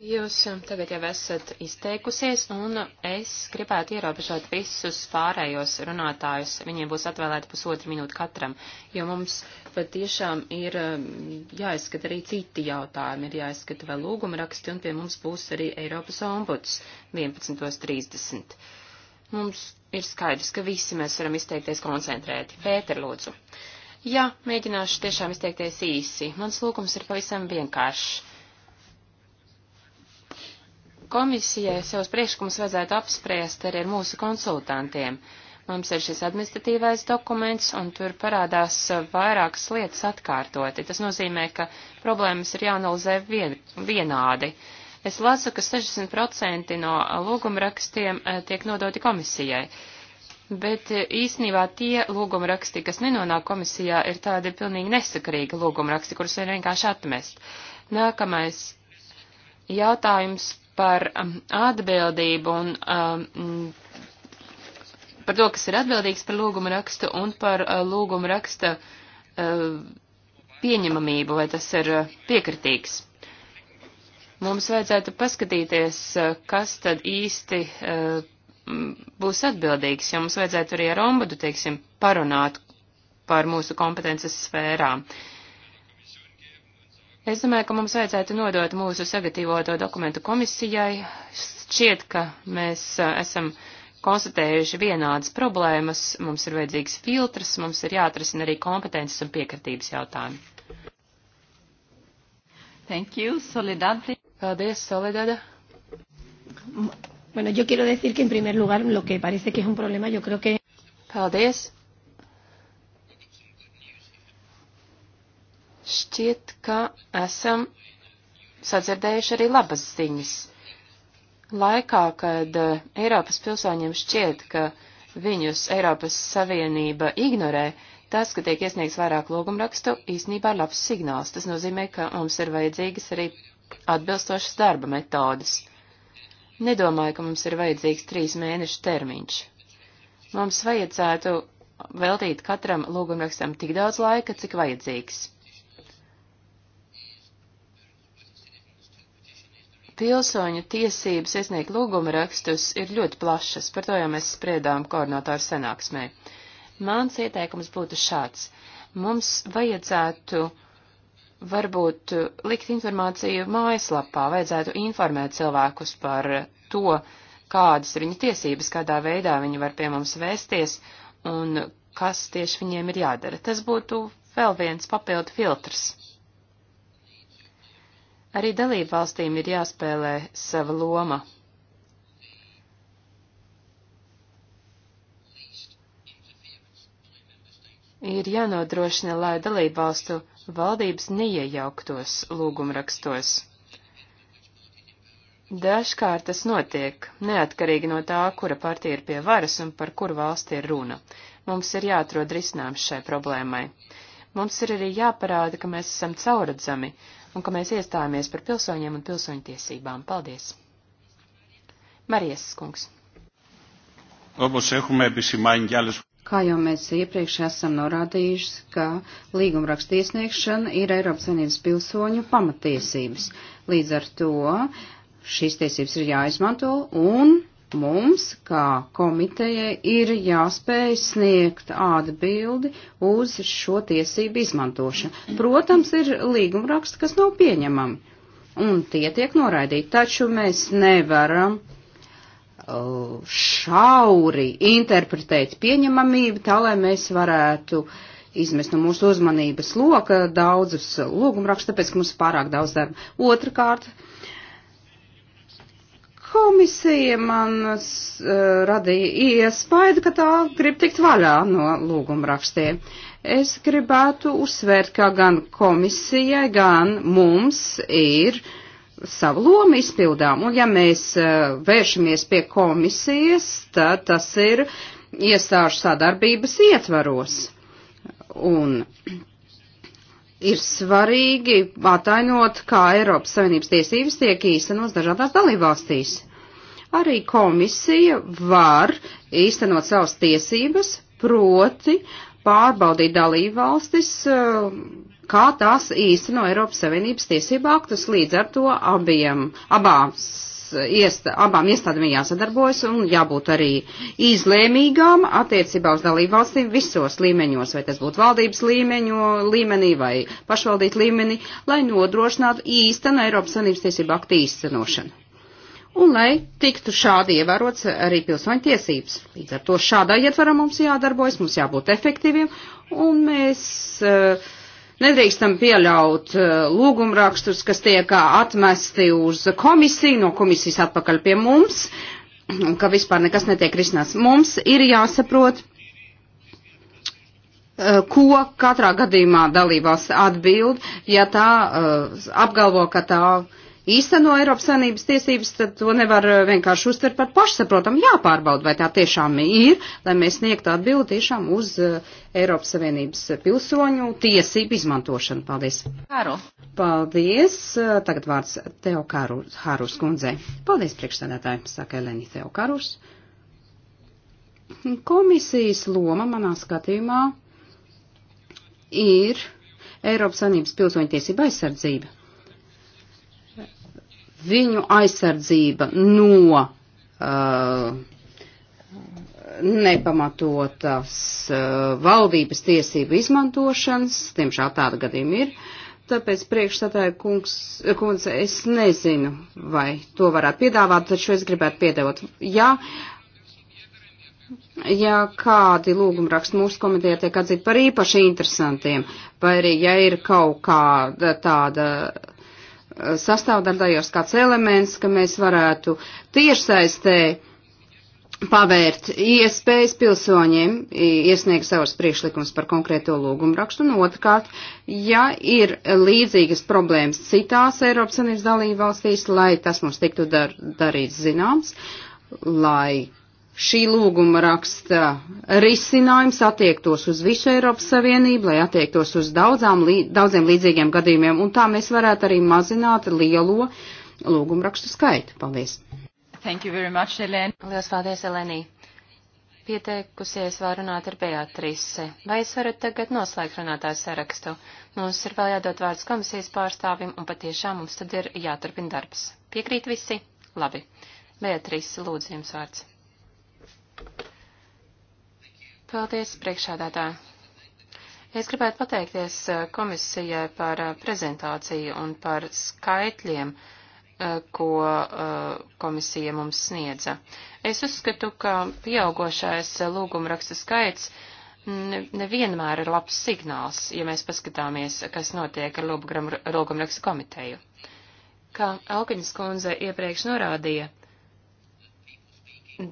Jūs um, tagad jau esat izteikusies, un es gribētu ierobežot visus pārējos runātājus. Viņiem būs atvēlēta pusotru minūtu katram, jo mums patiešām ir um, jāizskata arī citi jautājumi, ir jāizskata vēl lūguma raksti, un pie mums būs arī Eiropas ombuds 11.30. Mums ir skaidrs, ka visi mēs varam izteikties koncentrēti. Pēter, lūdzu. Uh, Jā, mēģināšu tiešām izteikties īsi. Mans lūgums ir pavisam vienkāršs. Komisijai savus priekšlikumus vajadzētu apspriest arī ar mūsu konsultantiem. Mums ir šis administratīvais dokuments, un tur parādās vairākas lietas atkārtoti. Tas nozīmē, ka problēmas ir jāanalizē vien, vienādi. Es lasu, ka 60% no lūgumrakstiem eh, tiek nodoti komisijai. Uh, bet e, īsnībā tie lūgumraksti, kas nenonāk komisijā, ir tādi pilnīgi nesakarīgi lūgumraksti, kurus ir vienkārši atmest. Nākamais jautājums par um, atbildību un um, par to, kas ir atbildīgs par lūgumu rakstu un par uh, lūgumu raksta uh, pieņemamību, vai tas ir uh, piekritīgs. Mums vajadzētu paskatīties, uh, kas tad īsti uh, būs atbildīgs, jo mums vajadzētu arī ar ombudu, teiksim, parunāt par mūsu kompetences sfērām. Es domāju, ka mums vajadzētu nodot mūsu sagatavoto dokumentu komisijai. Šķiet, ka mēs esam konstatējuši vienādas problēmas, mums ir vajadzīgs filtrs, mums ir jāatrasina arī kompetences un piekritības jautājumi. Thank you, Solidad. Paldies, Solidada. Bueno, yo quiero decir que en primer lugar lo que parece que es un problema, yo creo que. Paldies! Šķiet, ka esam sadzirdējuši arī labas ziņas. Laikā, kad eh, Eiropas pilsoņiem šķiet, ka viņus Eiropas Savienība ignorē, tas, ka tiek iesniegts vairāk lūgumrakstu, īsnībā ir labs signāls. Tas nozīmē, ka mums ir vajadzīgas arī atbilstošas darba metodas. Nedomāju, ka mums ir vajadzīgs trīs mēnešu termiņš. Mums vajadzētu veltīt katram lūgumrakstam tik daudz laika, cik vajadzīgs. Pilsoņu tiesības iesniegt lūgumrakstus ir ļoti plašas, par to jau mēs spriedām koordinātāru sanāksmē. Mans ieteikums būtu šāds. Mums vajadzētu uh, varbūt eh, likt informāciju mājaslapā, vajadzētu informēt cilvēkus par to, kādas ir viņa tiesības, kādā veidā viņi var pie mums vēsties un kas tieši viņiem ir jādara. Tas būtu vēl viens papildu filtrs. Arī dalībvalstīm ir jāspēlē sava loma ir jānodrošina, lai dalībvalstu valdības neiejauktos lūgumrakstos. Dažkārt tas notiek, neatkarīgi no tā, kura partija ir pie varas un par kuru valsti ir runa. Mums ir jāatrod risinājums šai problēmai. Mums ir arī jāparāda, ka mēs esam cauradzami un ka mēs iestājāmies par pilsoņiem un pilsoņu tiesībām. Paldies! Marijas skunks. Όπως έχουμε επισημάνει κι άλλες Kā jau mēs iepriekš esam norādījuši, ka līgumraksta iesniegšana ir Eiropas Savienības pilsoņu pamatiesības. Līdz ar to šīs tiesības ir jāizmanto un mums, kā komitejai, ir jāspēj sniegt atbildi uz šo tiesību izmantošanu. Protams, ir līgumraksti, kas nav pieņemami, un tie tiek noraidīti, taču mēs nevaram uh, Uh, šauri interpretēt pieņemamību, tā lai mēs varētu izmest no mūsu uzmanības loka daudzus lūgumrakstus, tāpēc, ka mums ir pārāk daudz darba. Otrakārt, komisija man uh, radīja iespaidu, ka tā grib tikt vaļā no lūgumrakstiem. Es gribētu uzsvērt, ka gan komisijai, gan mums ir uh, savu lomu izpildām, un ja mēs eh, vēršamies pie komisijas, tad tas ir iestāžu sadarbības ietvaros. Un ir svarīgi atainot, kā Eiropas Savienības tiesības tiek īstenos dažādās dalībvalstīs. Arī komisija var īstenot savas tiesības, proti pārbaudīt dalībvalstis, eh, kā tās īsteno Eiropas Savienības tiesību aktus. Līdz ar to abiem, abās, iest, abām iestādēm jāsadarbojas un jābūt arī izlēmīgām attiecībā uz dalību valstīm visos līmeņos, vai tas būtu valdības līmeņo, līmenī vai pašvaldīt līmenī, lai nodrošinātu īstenu Eiropas Savienības tiesību aktu īstenošanu. Un lai tiktu šādi ievērots arī pilsoņu tiesības. Līdz ar to šādā ietvarā mums jādarbojas, mums jābūt efektīviem, un mēs uh, Nedrīkstam pieļaut eh, lūgumrakstus, kas tiek eh, atmesti uz komisiju, no komisijas atpakaļ pie mums, un ka vispār nekas netiek risināts. Mums ir jāsaprot, eh, ko katrā gadījumā dalībās atbild, ja tā apgalvo, ka tā īsteno Eiropas Sanības tiesības, tad to nevar eh, vienkārši uztvert par pašsaprotam, jāpārbauda, vai tā tiešām ir, lai mēs sniegtu atbildi tiešām uz eh, Eiropas Savienības pilsoņu tiesību izmantošanu. Paldies. Kāro. Paldies. Tagad vārds Teokārus kundzei. Paldies, priekšstādātāji, saka Eleni Teokārus. Komisijas loma manā skatījumā ir Eiropas Sanības pilsoņu tiesība aizsardzība viņu aizsardzība no uh, nepamatotas uh, valdības tiesību izmantošanas, tiemžēl tāda gadījuma ir, tāpēc priekšstatāja kungs, kungs, es nezinu, vai to varētu piedāvāt, taču es gribētu piedāvāt. Ja, ja kādi lūguma raksti mūsu komitejā tiek atzīt par īpaši interesantiem, vai arī ja ir kaut kāda tāda sastāvdaļās kāds elements, ka mēs varētu tiešsaistē pavērt iespējas pilsoņiem iesniegt savus priekšlikumus par konkrēto lūgumu rakstu, un otrkārt, ja ir līdzīgas problēmas citās Eiropas Savienības dalību valstīs, lai tas mums tiktu dar darīts zināms, lai šī lūguma raksta risinājums attiektos uz visu Eiropas Savienību, lai attiektos uz daudzām, daudziem līdzīgiem gadījumiem, un tā mēs varētu arī mazināt lielo lūguma rakstu skaitu. Paldies! Thank you very much, Elēna. Lielas paldies, Elēnī. Pieteikusies vēl runāt ar Beatrise. Vai es varu tagad noslēgt runātāju sarakstu? Mums ir vēl jādod vārds komisijas pārstāvim, un patiešām mums tad ir jāturpina darbs. Piekrīt visi? Labi. Beatrise, lūdzu jums vārds. Paldies, priekšādātāji. Es gribētu pateikties eh, komisijai par eh, prezentāciju un par skaitļiem, eh, ko komisija mums sniedza. Es uzskatu, ka pieaugošais lūgumraksta skaits nevienmēr ir labs signāls, ja mēs paskatāmies, kas notiek ar lūgumraksta komiteju. Kā Alkaņas kundze iepriekš norādīja,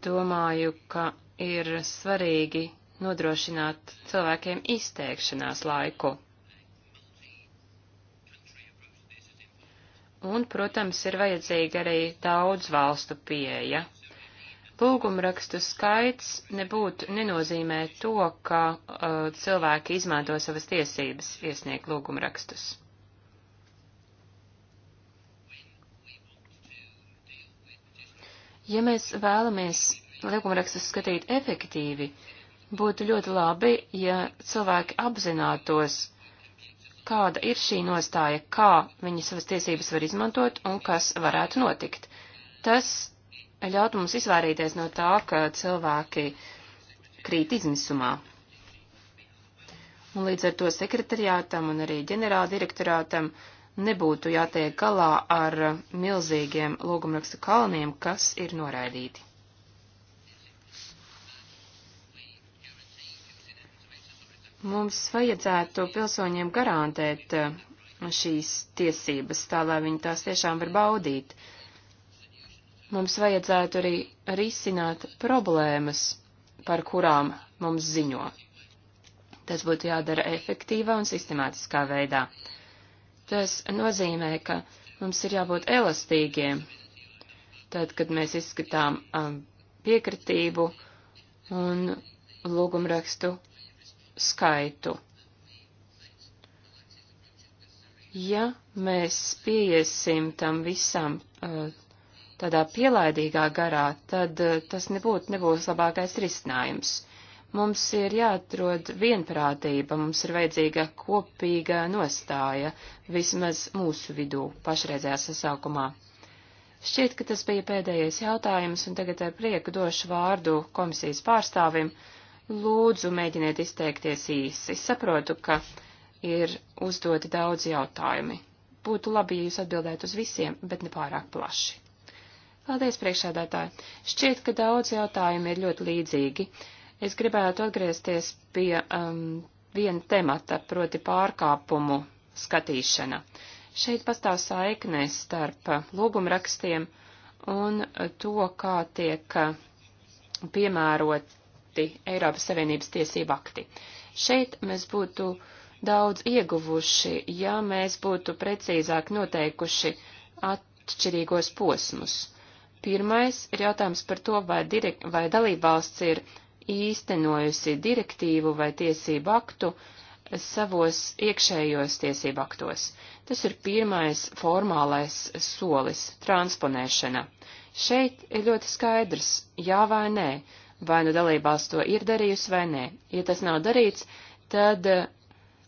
domāju, ka ir svarīgi nodrošināt cilvēkiem izteikšanās laiku. Un, protams, ir vajadzīga arī daudz valstu pieeja. Lūgumrakstu skaits nebūtu nenozīmē to, ka uh, cilvēki izmanto savas tiesības iesniegt lūgumrakstus. Ja mēs vēlamies likumrakstus skatīt efektīvi, uh, Būtu ļoti labi, ja cilvēki apzinātos, kāda ir šī nostāja, kā viņi savas tiesības var izmantot un kas varētu notikt. Tas ļaut mums izvairīties no tā, ka cilvēki krīt izmisumā. Un līdz ar to sekretariātam un arī ģenerāldirektorātam nebūtu jātiek galā ar milzīgiem lūgumrakstu kalniem, kas ir noraidīti. Mums vajadzētu pilsoņiem garantēt uh, šīs tiesības, tā lai viņi tās tiešām var baudīt. Mums vajadzētu arī risināt problēmas, par kurām mums ziņo. Tas būtu jādara efektīvā un sistemātiskā veidā. Tas nozīmē, ka mums ir jābūt elastīgiem, tad, kad mēs izskatām um, piekritību un lūgumrakstu skaitu. Ja mēs pieiesim tam visam eh, tādā pielaidīgā garā, tad eh, tas nebūtu, nebūs labākais risinājums. Mums ir jāatrod vienprātība, mums ir vajadzīga kopīga nostāja, vismaz mūsu vidū, pašreizējā sasaukumā. Šķiet, ka tas bija pēdējais jautājums, un tagad ar prieku došu vārdu komisijas pārstāvim, Lūdzu, mēģiniet izteikties īsi. Es saprotu, ka ir uzdoti daudz jautājumi. Būtu labi, ja jūs atbildētu uz visiem, bet ne pārāk plaši. Paldies, priekšādātāji. Šķiet, ka daudz jautājumi ir ļoti līdzīgi. Es gribētu atgriezties pie um, viena temata, proti pārkāpumu skatīšana. Šeit pastāv saiknē starp lūgumrakstiem un to, kā tiek piemērot akti, Eiropas Savienības tiesību akti. Šeit mēs būtu daudz ieguvuši, ja mēs būtu precīzāk noteikuši atšķirīgos posmus. Pirmais ir jautājums par to, vai, direkt, vai dalībvalsts ir īstenojusi direktīvu vai tiesību aktu savos iekšējos tiesību aktos. Tas ir pirmais formālais solis - transponēšana. Šeit ir ļoti skaidrs, jā vai nē, vai nu dalībvalsts to ir darījusi vai nē. Ja tas nav darīts, tad eh,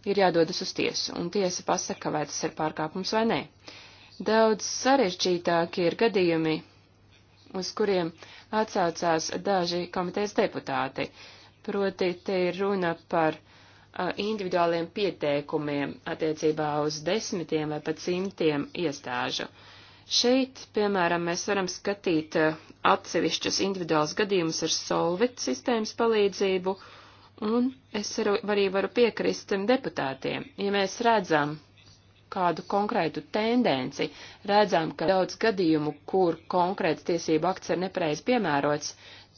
ir jādodas uz tiesu, un tiesa pasaka, vai tas ir pārkāpums vai nē. Daudz sarežģītākie ir gadījumi, uz kuriem atsaucās daži komitejas deputāti. Proti, te ir runa par a, eh, individuāliem pieteikumiem attiecībā uz desmitiem vai pat simtiem iestāžu. Uh, Šeit, piemēram, mēs varam skatīt eh, atsevišķus individuālus gadījumus ar solvit sistēmas palīdzību, un es arī varu, varu piekrist deputātiem. Ja mēs redzam kādu konkrētu tendenci, redzam, ka daudz gadījumu, kur konkrēts tiesību akts ir nepareiz piemērots,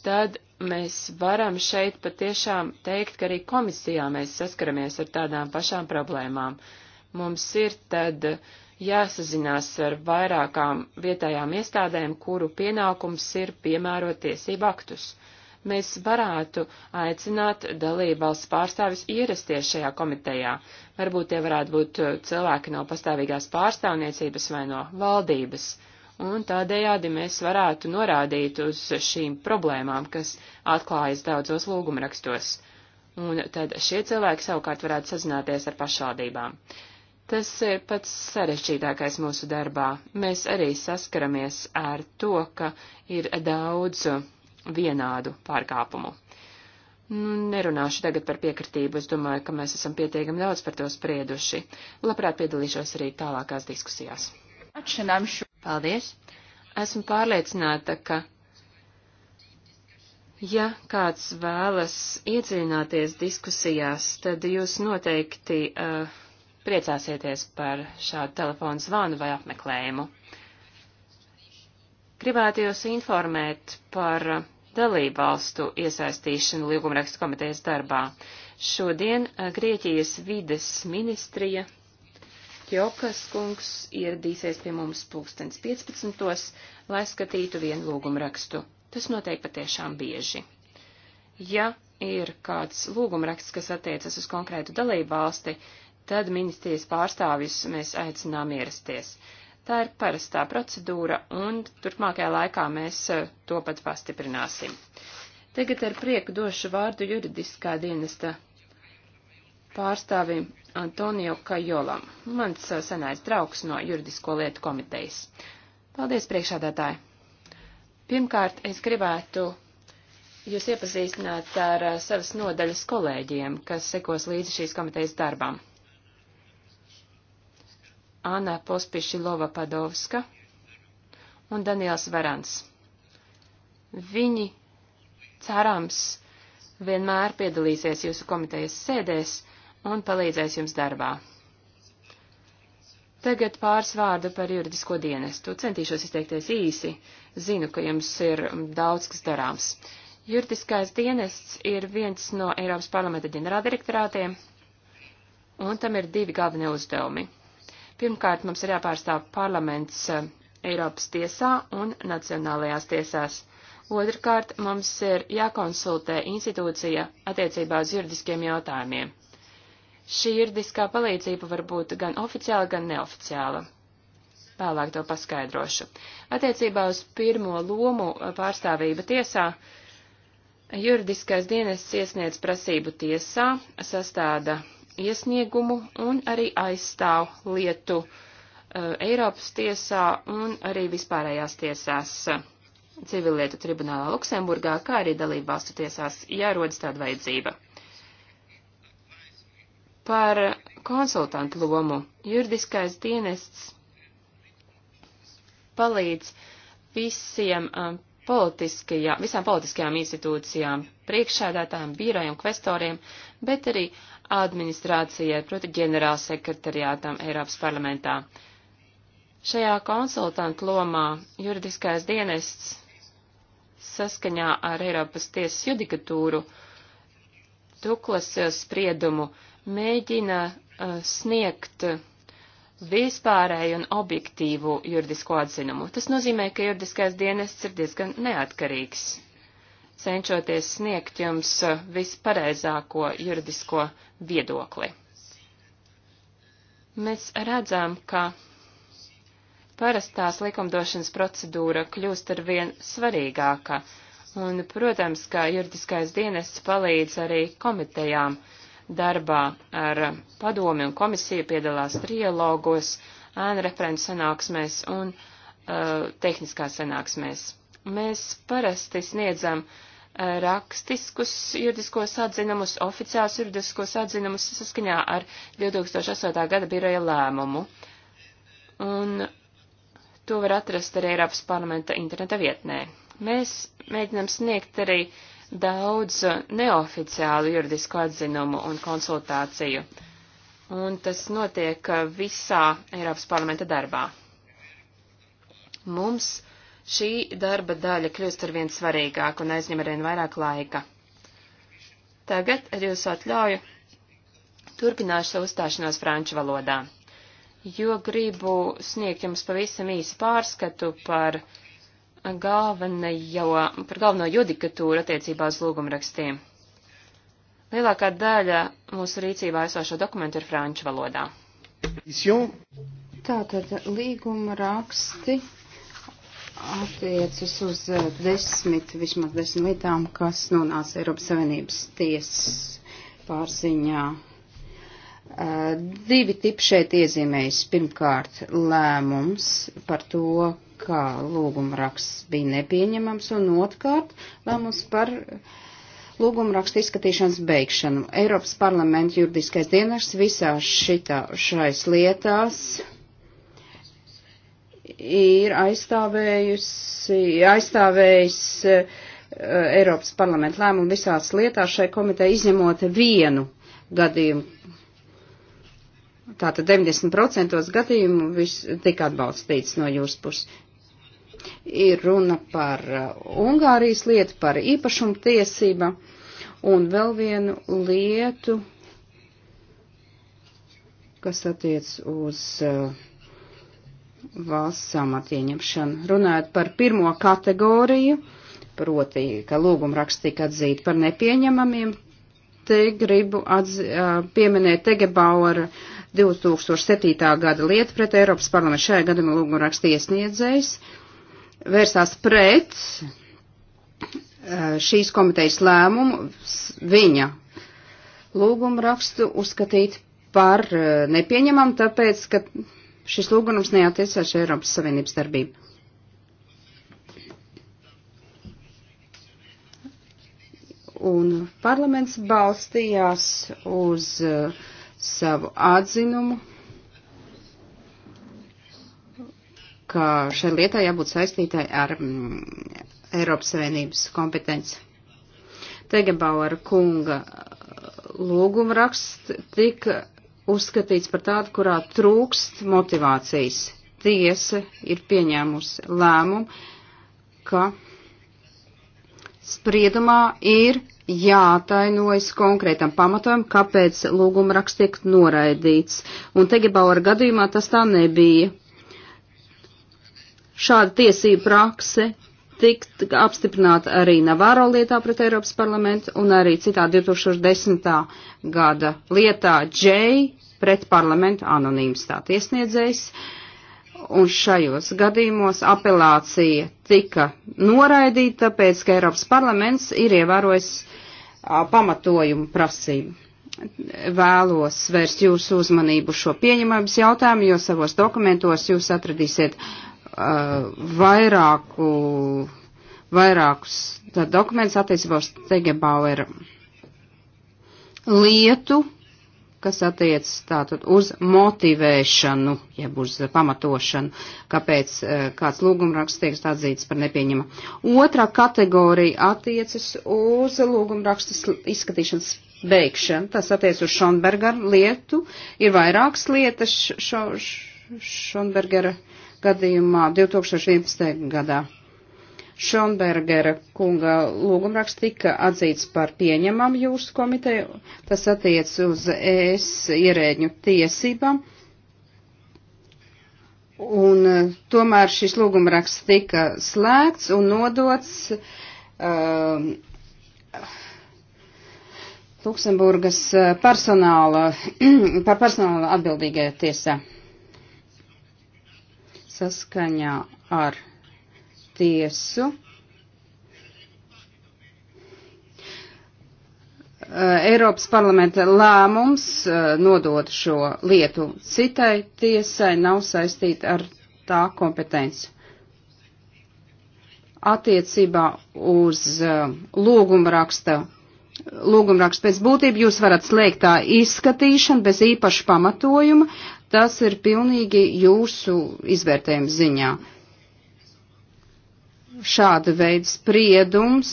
tad mēs varam šeit patiešām teikt, ka arī komisijā mēs saskaramies ar tādām pašām problēmām. Mums ir tad uh, jāsazinās ar vairākām vietējām iestādēm, kuru pienākums ir piemērot tiesību aktus. Mēs varētu aicināt dalībvalsts pārstāvis ierasties šajā komitejā. Varbūt tie varētu būt cilvēki no pastāvīgās pārstāvniecības vai no valdības un tādējādi mēs varētu norādīt uz šīm problēmām, kas atklājas daudzos lūgumrakstos. Un tad šie cilvēki savukārt varētu sazināties ar pašvaldībām. Tas ir pats sarežģītākais mūsu darbā. Mēs arī saskaramies ar to, ka ir daudz vienādu pārkāpumu. Nu, nerunāšu tagad par piekritību, es domāju, ka mēs esam pietiekami daudz par to sprieduši. Labprāt piedalīšos arī tālākās diskusijās. Paldies! Esmu pārliecināta, ka Ja kāds vēlas iedziļināties diskusijās, tad jūs noteikti uh, priecāsieties par šādu telefonu zvanu vai apmeklējumu. Gribētu jūs informēt par dalību valstu iesaistīšanu līgumrakstu komitejas darbā. Šodien eh, Grieķijas vides ministrija Kjokas kungs ieradīsies pie mums pulkstens 15. lai skatītu vienu lūgumrakstu. Tas notiek patiešām bieži. Ja ir kāds lūgumraksts, kas attiecas uz konkrētu dalību valsti, tad ministrijas pārstāvis mēs aicinām ierasties. Tā ir parastā procedūra, un turpmākajā laikā mēs eh, to pat pastiprināsim. Tagad ar prieku došu vārdu juridiskā dienesta pārstāvim Antonio Kajolam, mans eh, senais draugs no juridisko lietu komitejas. Paldies, priekšādātāji! Pirmkārt, es gribētu jūs iepazīstināt ar eh, savas nodaļas kolēģiem, kas sekos līdzi šīs komitejas darbām. Anna Pospišilova Padovska un Daniels Varans. Viņi, cerams, vienmēr piedalīsies jūsu komitejas sēdēs un palīdzēs jums darbā. Tagad pāris vārdu par juridisko dienestu. Centīšos izteikties īsi. Zinu, ka jums ir daudz kas darāms. Juridiskais dienests ir viens no Eiropas parlamenta ģenerāldirektorātiem, un tam ir divi galvenie uzdevumi. Pirmkārt, mums ir jāpārstāv parlaments eh, Eiropas tiesā un nacionālajās tiesās. Otrkārt, mums ir jākonsultē institūcija attiecībā uz juridiskiem jautājumiem. Šī juridiskā palīdzība var būt gan oficiāla, gan neoficiāla. Vēlāk to paskaidrošu. Attiecībā uz pirmo lomu eh, pārstāvība tiesā juridiskais dienests iesniedz prasību tiesā, sastāda iesniegumu un arī aizstāv lietu uh, Eiropas tiesā un arī vispārējās tiesās uh, civilietu tribunālā Luksemburgā, kā arī dalību valstu tiesās, ja rodas tāda vajadzība. Par konsultantu lomu juridiskais dienests palīdz visiem um, politiskajā, visām politiskajām institūcijām, priekšsēdētājiem, birojiem, kvestoriem, bet arī administrācijai, proti ģenerālsekretariātam Eiropas parlamentā. Šajā konsultantu lomā juridiskais dienests saskaņā ar Eiropas tiesas judikatūru Tuklas eh, spriedumu mēģina uh, sniegt vispārēju un objektīvu juridisko atzinumu. Tas nozīmē, ka juridiskais dienests ir diezgan neatkarīgs cenšoties sniegt jums eh, vispareizāko juridisko viedokli. Mēs redzam, ka parastās likumdošanas procedūra kļūst ar vien svarīgāka, un, protams, ka juridiskais dienests palīdz arī komitejām darbā ar padomi un komisiju piedalās trialogos, ēna referents sanāksmēs un uh, tehniskās sanāksmēs. Mēs parasti sniedzam eh, rakstiskus juridiskos atzinumus, oficiālus juridiskos atzinumus saskaņā ar 2008. gada biroja lēmumu. Un to var atrast arī Eiropas parlamenta interneta vietnē. Mēs mēģinam sniegt arī daudz neoficiālu juridisku atzinumu un konsultāciju. Un tas notiek eh, visā Eiropas parlamenta darbā. Mums Šī darba daļa kļūst arvien svarīgāka un aizņem arvien vairāk laika. Tagad ar jūsu atļauju turpināšu savu uzstāšanos franču valodā, jo gribu sniegt jums pavisam īsu pārskatu par galvenajo, par galveno judikatūru attiecībā uz lūgumrakstiem. Lielākā daļa mūsu rīcībā esošo dokumentu ir franču valodā. Tātad līguma raksti attiecas uz eh, desmit, vismaz desmit lietām, kas nonāca Eiropas Savienības tiesas pārziņā. Uh, divi tipi šeit iezīmējas. Pirmkārt, lēmums par to, kā lūguma raksts bija nepieņemams, un otrkārt, lēmums par lūguma rakstu izskatīšanas beigšanu. Eiropas parlamenta juridiskais dienests visās šitā, šais lietās ir aizstāvējusi, aizstāvējis uh, Eiropas parlamenta lēmumu visās lietās šai komitei izņemot vienu gadījumu. Tātad 90% gadījumu viss tika atbalstīts no jūsu puses. Ir runa par eh, Ungārijas lietu, par īpašumu tiesība un vēl vienu lietu, kas attiec uz uh, valsts amatu ieņemšanu. Runājot par pirmo kategoriju, proti, ka lūgumraksts tika atzīt par nepieņemamiem, te gribu atz, pieminēt Tegebauer 2007. gada lietu pret Eiropas parlamentu. Šajā gadījumā lūgumraksts iesniedzējs vērsās pret šīs komitejas lēmumu viņa lūgumrakstu uzskatīt par nepieņemam, tāpēc, ka šis lūgums neatiecās ar Eiropas Savienības darbību. Un parlaments balstījās uz uh, savu atzinumu, ka šai lietai jābūt saistītai ar mm, Eiropas Savienības kompetenci. Tegebauer kunga uh, lūguma raksts tika uzskatīts par tādu, kurā trūkst motivācijas. Tiesa ir pieņēmusi lēmumu, ka spriedumā ir jātainojas konkrētam pamatojam, kāpēc lūguma raksts tiek noraidīts. Un Tegebaura gadījumā tas tā nebija. Šāda tiesība prakse tikt apstiprināta arī Navaro lietā pret Eiropas parlamentu un arī citā 2010. gada lietā Džei pret parlamentu anonīms tā tiesniedzējs. Un šajos gadījumos apelācija tika noraidīta, tāpēc, ka Eiropas parlaments ir ievērojis pamatojumu prasību. Vēlos vērst jūsu uzmanību šo pieņemības jautājumu, jo savos dokumentos jūs atradīsiet Uh, vairāku, vairākus dokumentus attiecībā uz Tegebauer lietu, kas attiec tātad uz motivēšanu, jeb uz pamatošanu, kāpēc uh, kāds lūgumraksts tiek atzīts par nepieņema. Otra kategorija attiecas uz lūgumrakstas izskatīšanas beigšanu. Tas attiec uz Šonbergera lietu. Ir vairākas lietas šo, Šonbergera. Šo, gadījumā 2011. gadā. Šonbergera kunga lūgumraksts tika atzīts par pieņemam jūsu komiteju. Tas attiec uz ES ierēģu tiesībām. Un eh, tomēr šis lūgumraksts tika slēgts un nodots um, Luksemburgas eh, personāla, par personāla atbildīgajā tiesā saskaņā ar tiesu. Eh, Eiropas parlamenta lēmums eh, nodot šo lietu citai tiesai nav saistīta ar tā kompetenci. Attiecībā uz eh, lūgumraksta, lūgumraksta pēc būtību jūs varat slēgt tā izskatīšanu bez īpaša pamatojuma, Tas ir pilnīgi jūsu izvērtējuma ziņā. Šāda veida spriedums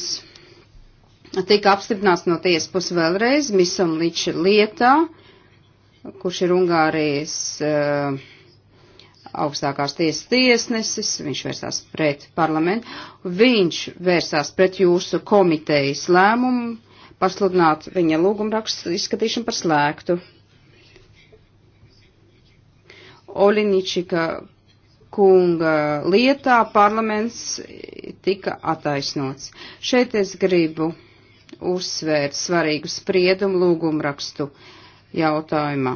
tika apstiprināts no tiesas puses vēlreiz Misamliča lietā, kurš ir Ungārijas uh, augstākās tiesas tiesnesis, viņš vērsās pret parlamentu, viņš vērsās pret jūsu komitejas lēmumu pasludināt viņa lūgumrakstu izskatīšanu par slēgtu. Oļiničika kunga lietā parlaments tika attaisnots. Šeit es gribu uzsvērt svarīgu spriedumu lūgumrakstu jautājumā.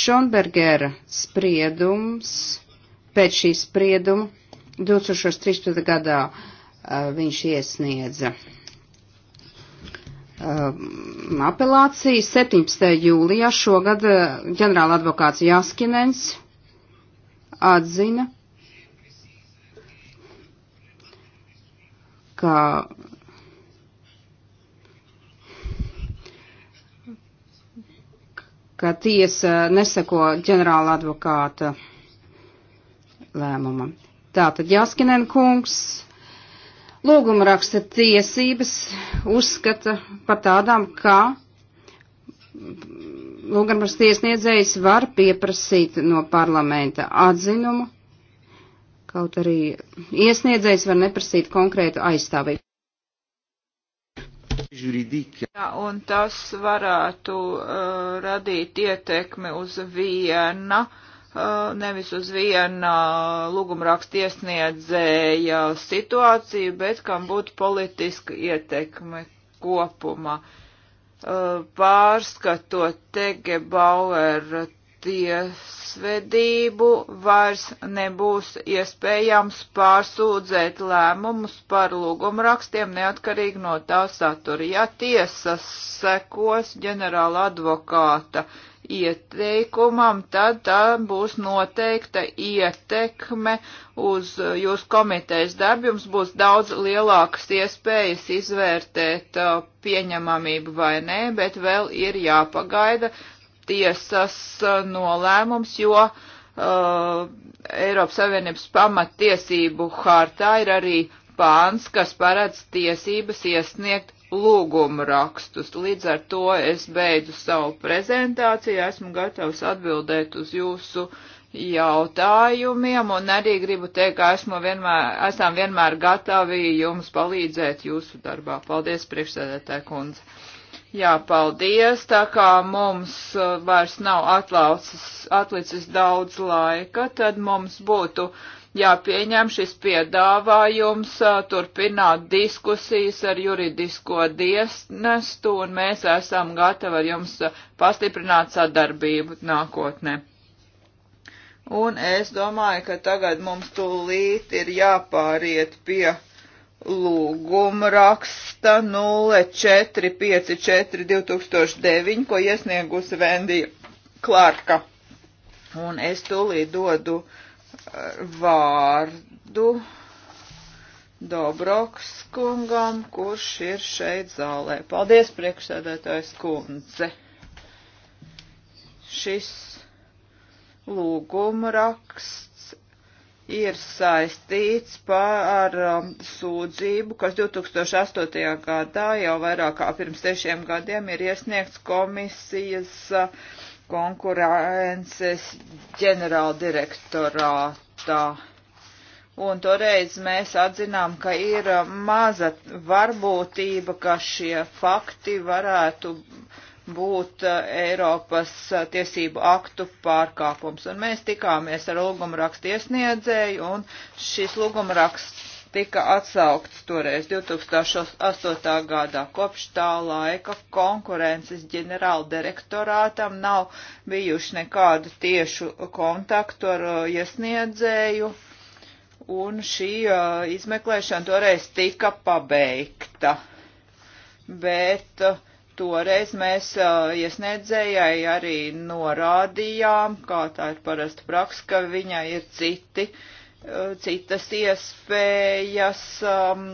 Šonbergera spriedums, pēc šī sprieduma 2013. gadā uh, viņš iesniedza Um, apelācija 17. jūlijā šogad uh, ģenerāla advokāts Jaskinens atzina, ka ka tiesa neseko ģenerāla advokāta lēmumam. Tātad Jaskinēn kungs Lūguma raksta tiesības uzskata par tādām, kā lūguma raksta tiesniedzējs var pieprasīt no parlamenta atzinumu, kaut arī iesniedzējs var neprasīt konkrētu aizstāvību. Jā, un tas varētu uh, radīt ietekmi uz viena uh, nevis uz viena lūgumraksta iesniedzēja situāciju, bet kam būtu politiska ietekme kopumā. Uh, pārskatot Tege Bauer tiesvedību, vairs nebūs iespējams pārsūdzēt lēmumus par lūgumrakstiem neatkarīgi no tā satura. Ja tiesas sekos ģenerāla advokāta, uh, ieteikumam, tad tā būs noteikta ietekme uz jūsu komitejas darbu. Jums būs daudz lielākas iespējas izvērtēt uh, pieņemamību vai nē, bet vēl ir jāpagaida tiesas uh, nolēmums, jo uh, Eiropas Savienības pamattiesību hārtā ir arī pāns, kas paredz tiesības iesniegt lūgumu rakstus. Līdz ar to es beidzu savu prezentāciju, esmu gatavs atbildēt uz jūsu jautājumiem un arī gribu teikt, ka esmu vienmēr, esam vienmēr gatavi jums palīdzēt jūsu darbā. Paldies, priekšsēdētāja kundze. Jā, paldies, tā kā mums uh, vairs nav atlaucis, atlicis daudz laika, tad mums būtu jāpieņem šis piedāvājums, turpināt diskusijas ar juridisko diesnestu, un mēs esam gatavi ar jums pastiprināt sadarbību nākotnē. Un es domāju, ka tagad mums tūlīt ir jāpāriet pie lūguma raksta 0454 2009, ko iesniegusi Vendija Klārka. Un es tūlīt dodu uh, vārdu Dobroks kungam, kurš ir šeit zālē. Paldies, priekšsēdētājs kundze. Šis lūguma raksts ir saistīts par um, sūdzību, kas 2008. gadā jau vairāk kā pirms sešiem gadiem ir iesniegts komisijas uh, konkurences ģenerāldirektorā budžetā. Un toreiz mēs atzinām, ka ir uh, maza varbūtība, ka šie fakti varētu būt uh, Eiropas uh, tiesību aktu pārkāpums. Un mēs tikāmies ar lūgumrakstu iesniedzēju, un šis lūgumraksts tika atsaukts toreiz 2008. gadā. Kopš tā laika konkurences ģenerāldirektorātam nav bijuši nekādu tiešu kontaktu ar uh, iesniedzēju, un šī uh, izmeklēšana toreiz tika pabeigta. Bet uh, toreiz mēs uh, iesniedzējai arī norādījām, kā tā ir parasta praksa, ka viņai ir citi uh, citas iespējas um,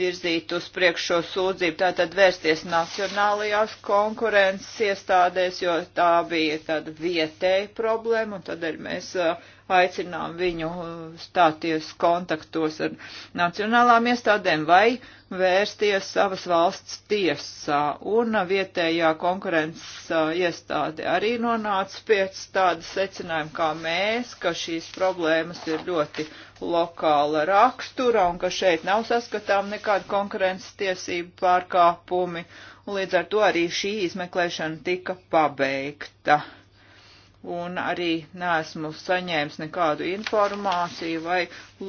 virzīt uz priekšo sūdzību, tātad vērsties nacionālajās konkurences iestādēs, jo tā bija tāda vietēja problēma, un tad arī mēs uh, aicinām viņu uh, stāties kontaktos ar nacionālām iestādēm vai vērsties savas valsts tiesā. Un uh, vietējā konkurences uh, iestāde arī nonāca pie tāda secinājuma kā mēs, ka šīs problēmas ir ļoti lokāla rakstura un ka šeit nav saskatām nekāda konkurences tiesību pārkāpumi. Un līdz ar to arī šī izmeklēšana tika pabeigta un arī neesmu saņēmis nekādu informāciju vai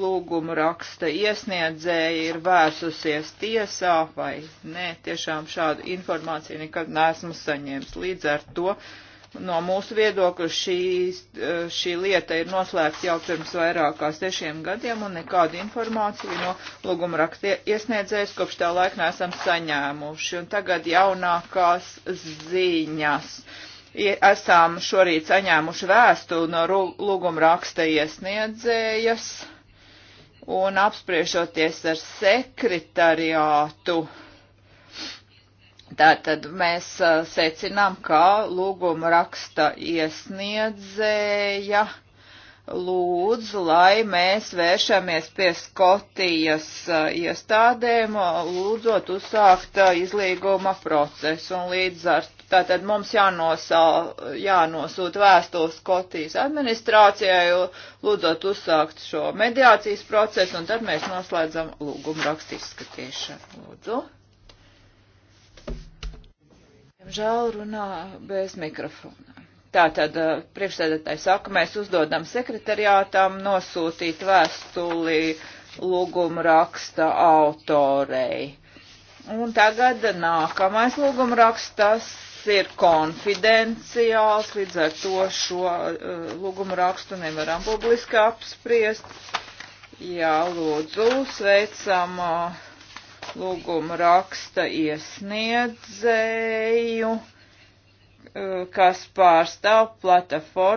lūgumu raksta iesniedzēji ir vērsusies tiesā vai nē, tiešām šādu informāciju nekad neesmu saņēmis. Līdz ar to no mūsu viedokļa šī, šī lieta ir noslēgta jau pirms vairākās sešiem gadiem un nekādu informāciju no lūgumu raksta iesniedzējas kopš tā laika neesam saņēmuši. Un tagad jaunākās ziņas esam šorīt saņēmuši vēstuli no lūguma raksta iesniedzējas un apspriešoties ar sekretariātu. Tātad mēs secinām, ka lūguma raksta iesniedzēja lūdz, lai mēs vēršamies pie Skotijas iestādēm, lūdzot uzsākt izlīguma procesu. Un līdz ar Tātad mums jānosā, jānosūt vēstules Skotijas administrācijai, lūdzot uzsākt šo mediācijas procesu, un tad mēs noslēdzam lūgumu rakstu izskatīšanu. Lūdzu. Žēl runā bez mikrofona. Tātad eh, priekšsēdētāji saka, mēs uzdodam sekretariātām nosūtīt vēstuli lūguma raksta autorei. Un tagad nākamais lūguma rakstas ir konfidenciāls, līdz ar to šo uh, lūgumu rakstu nevaram publiski apspriest. Jā, lūdzu, sveicam uh, lūgumu raksta iesniedzēju, uh, kas pārstāv platformu.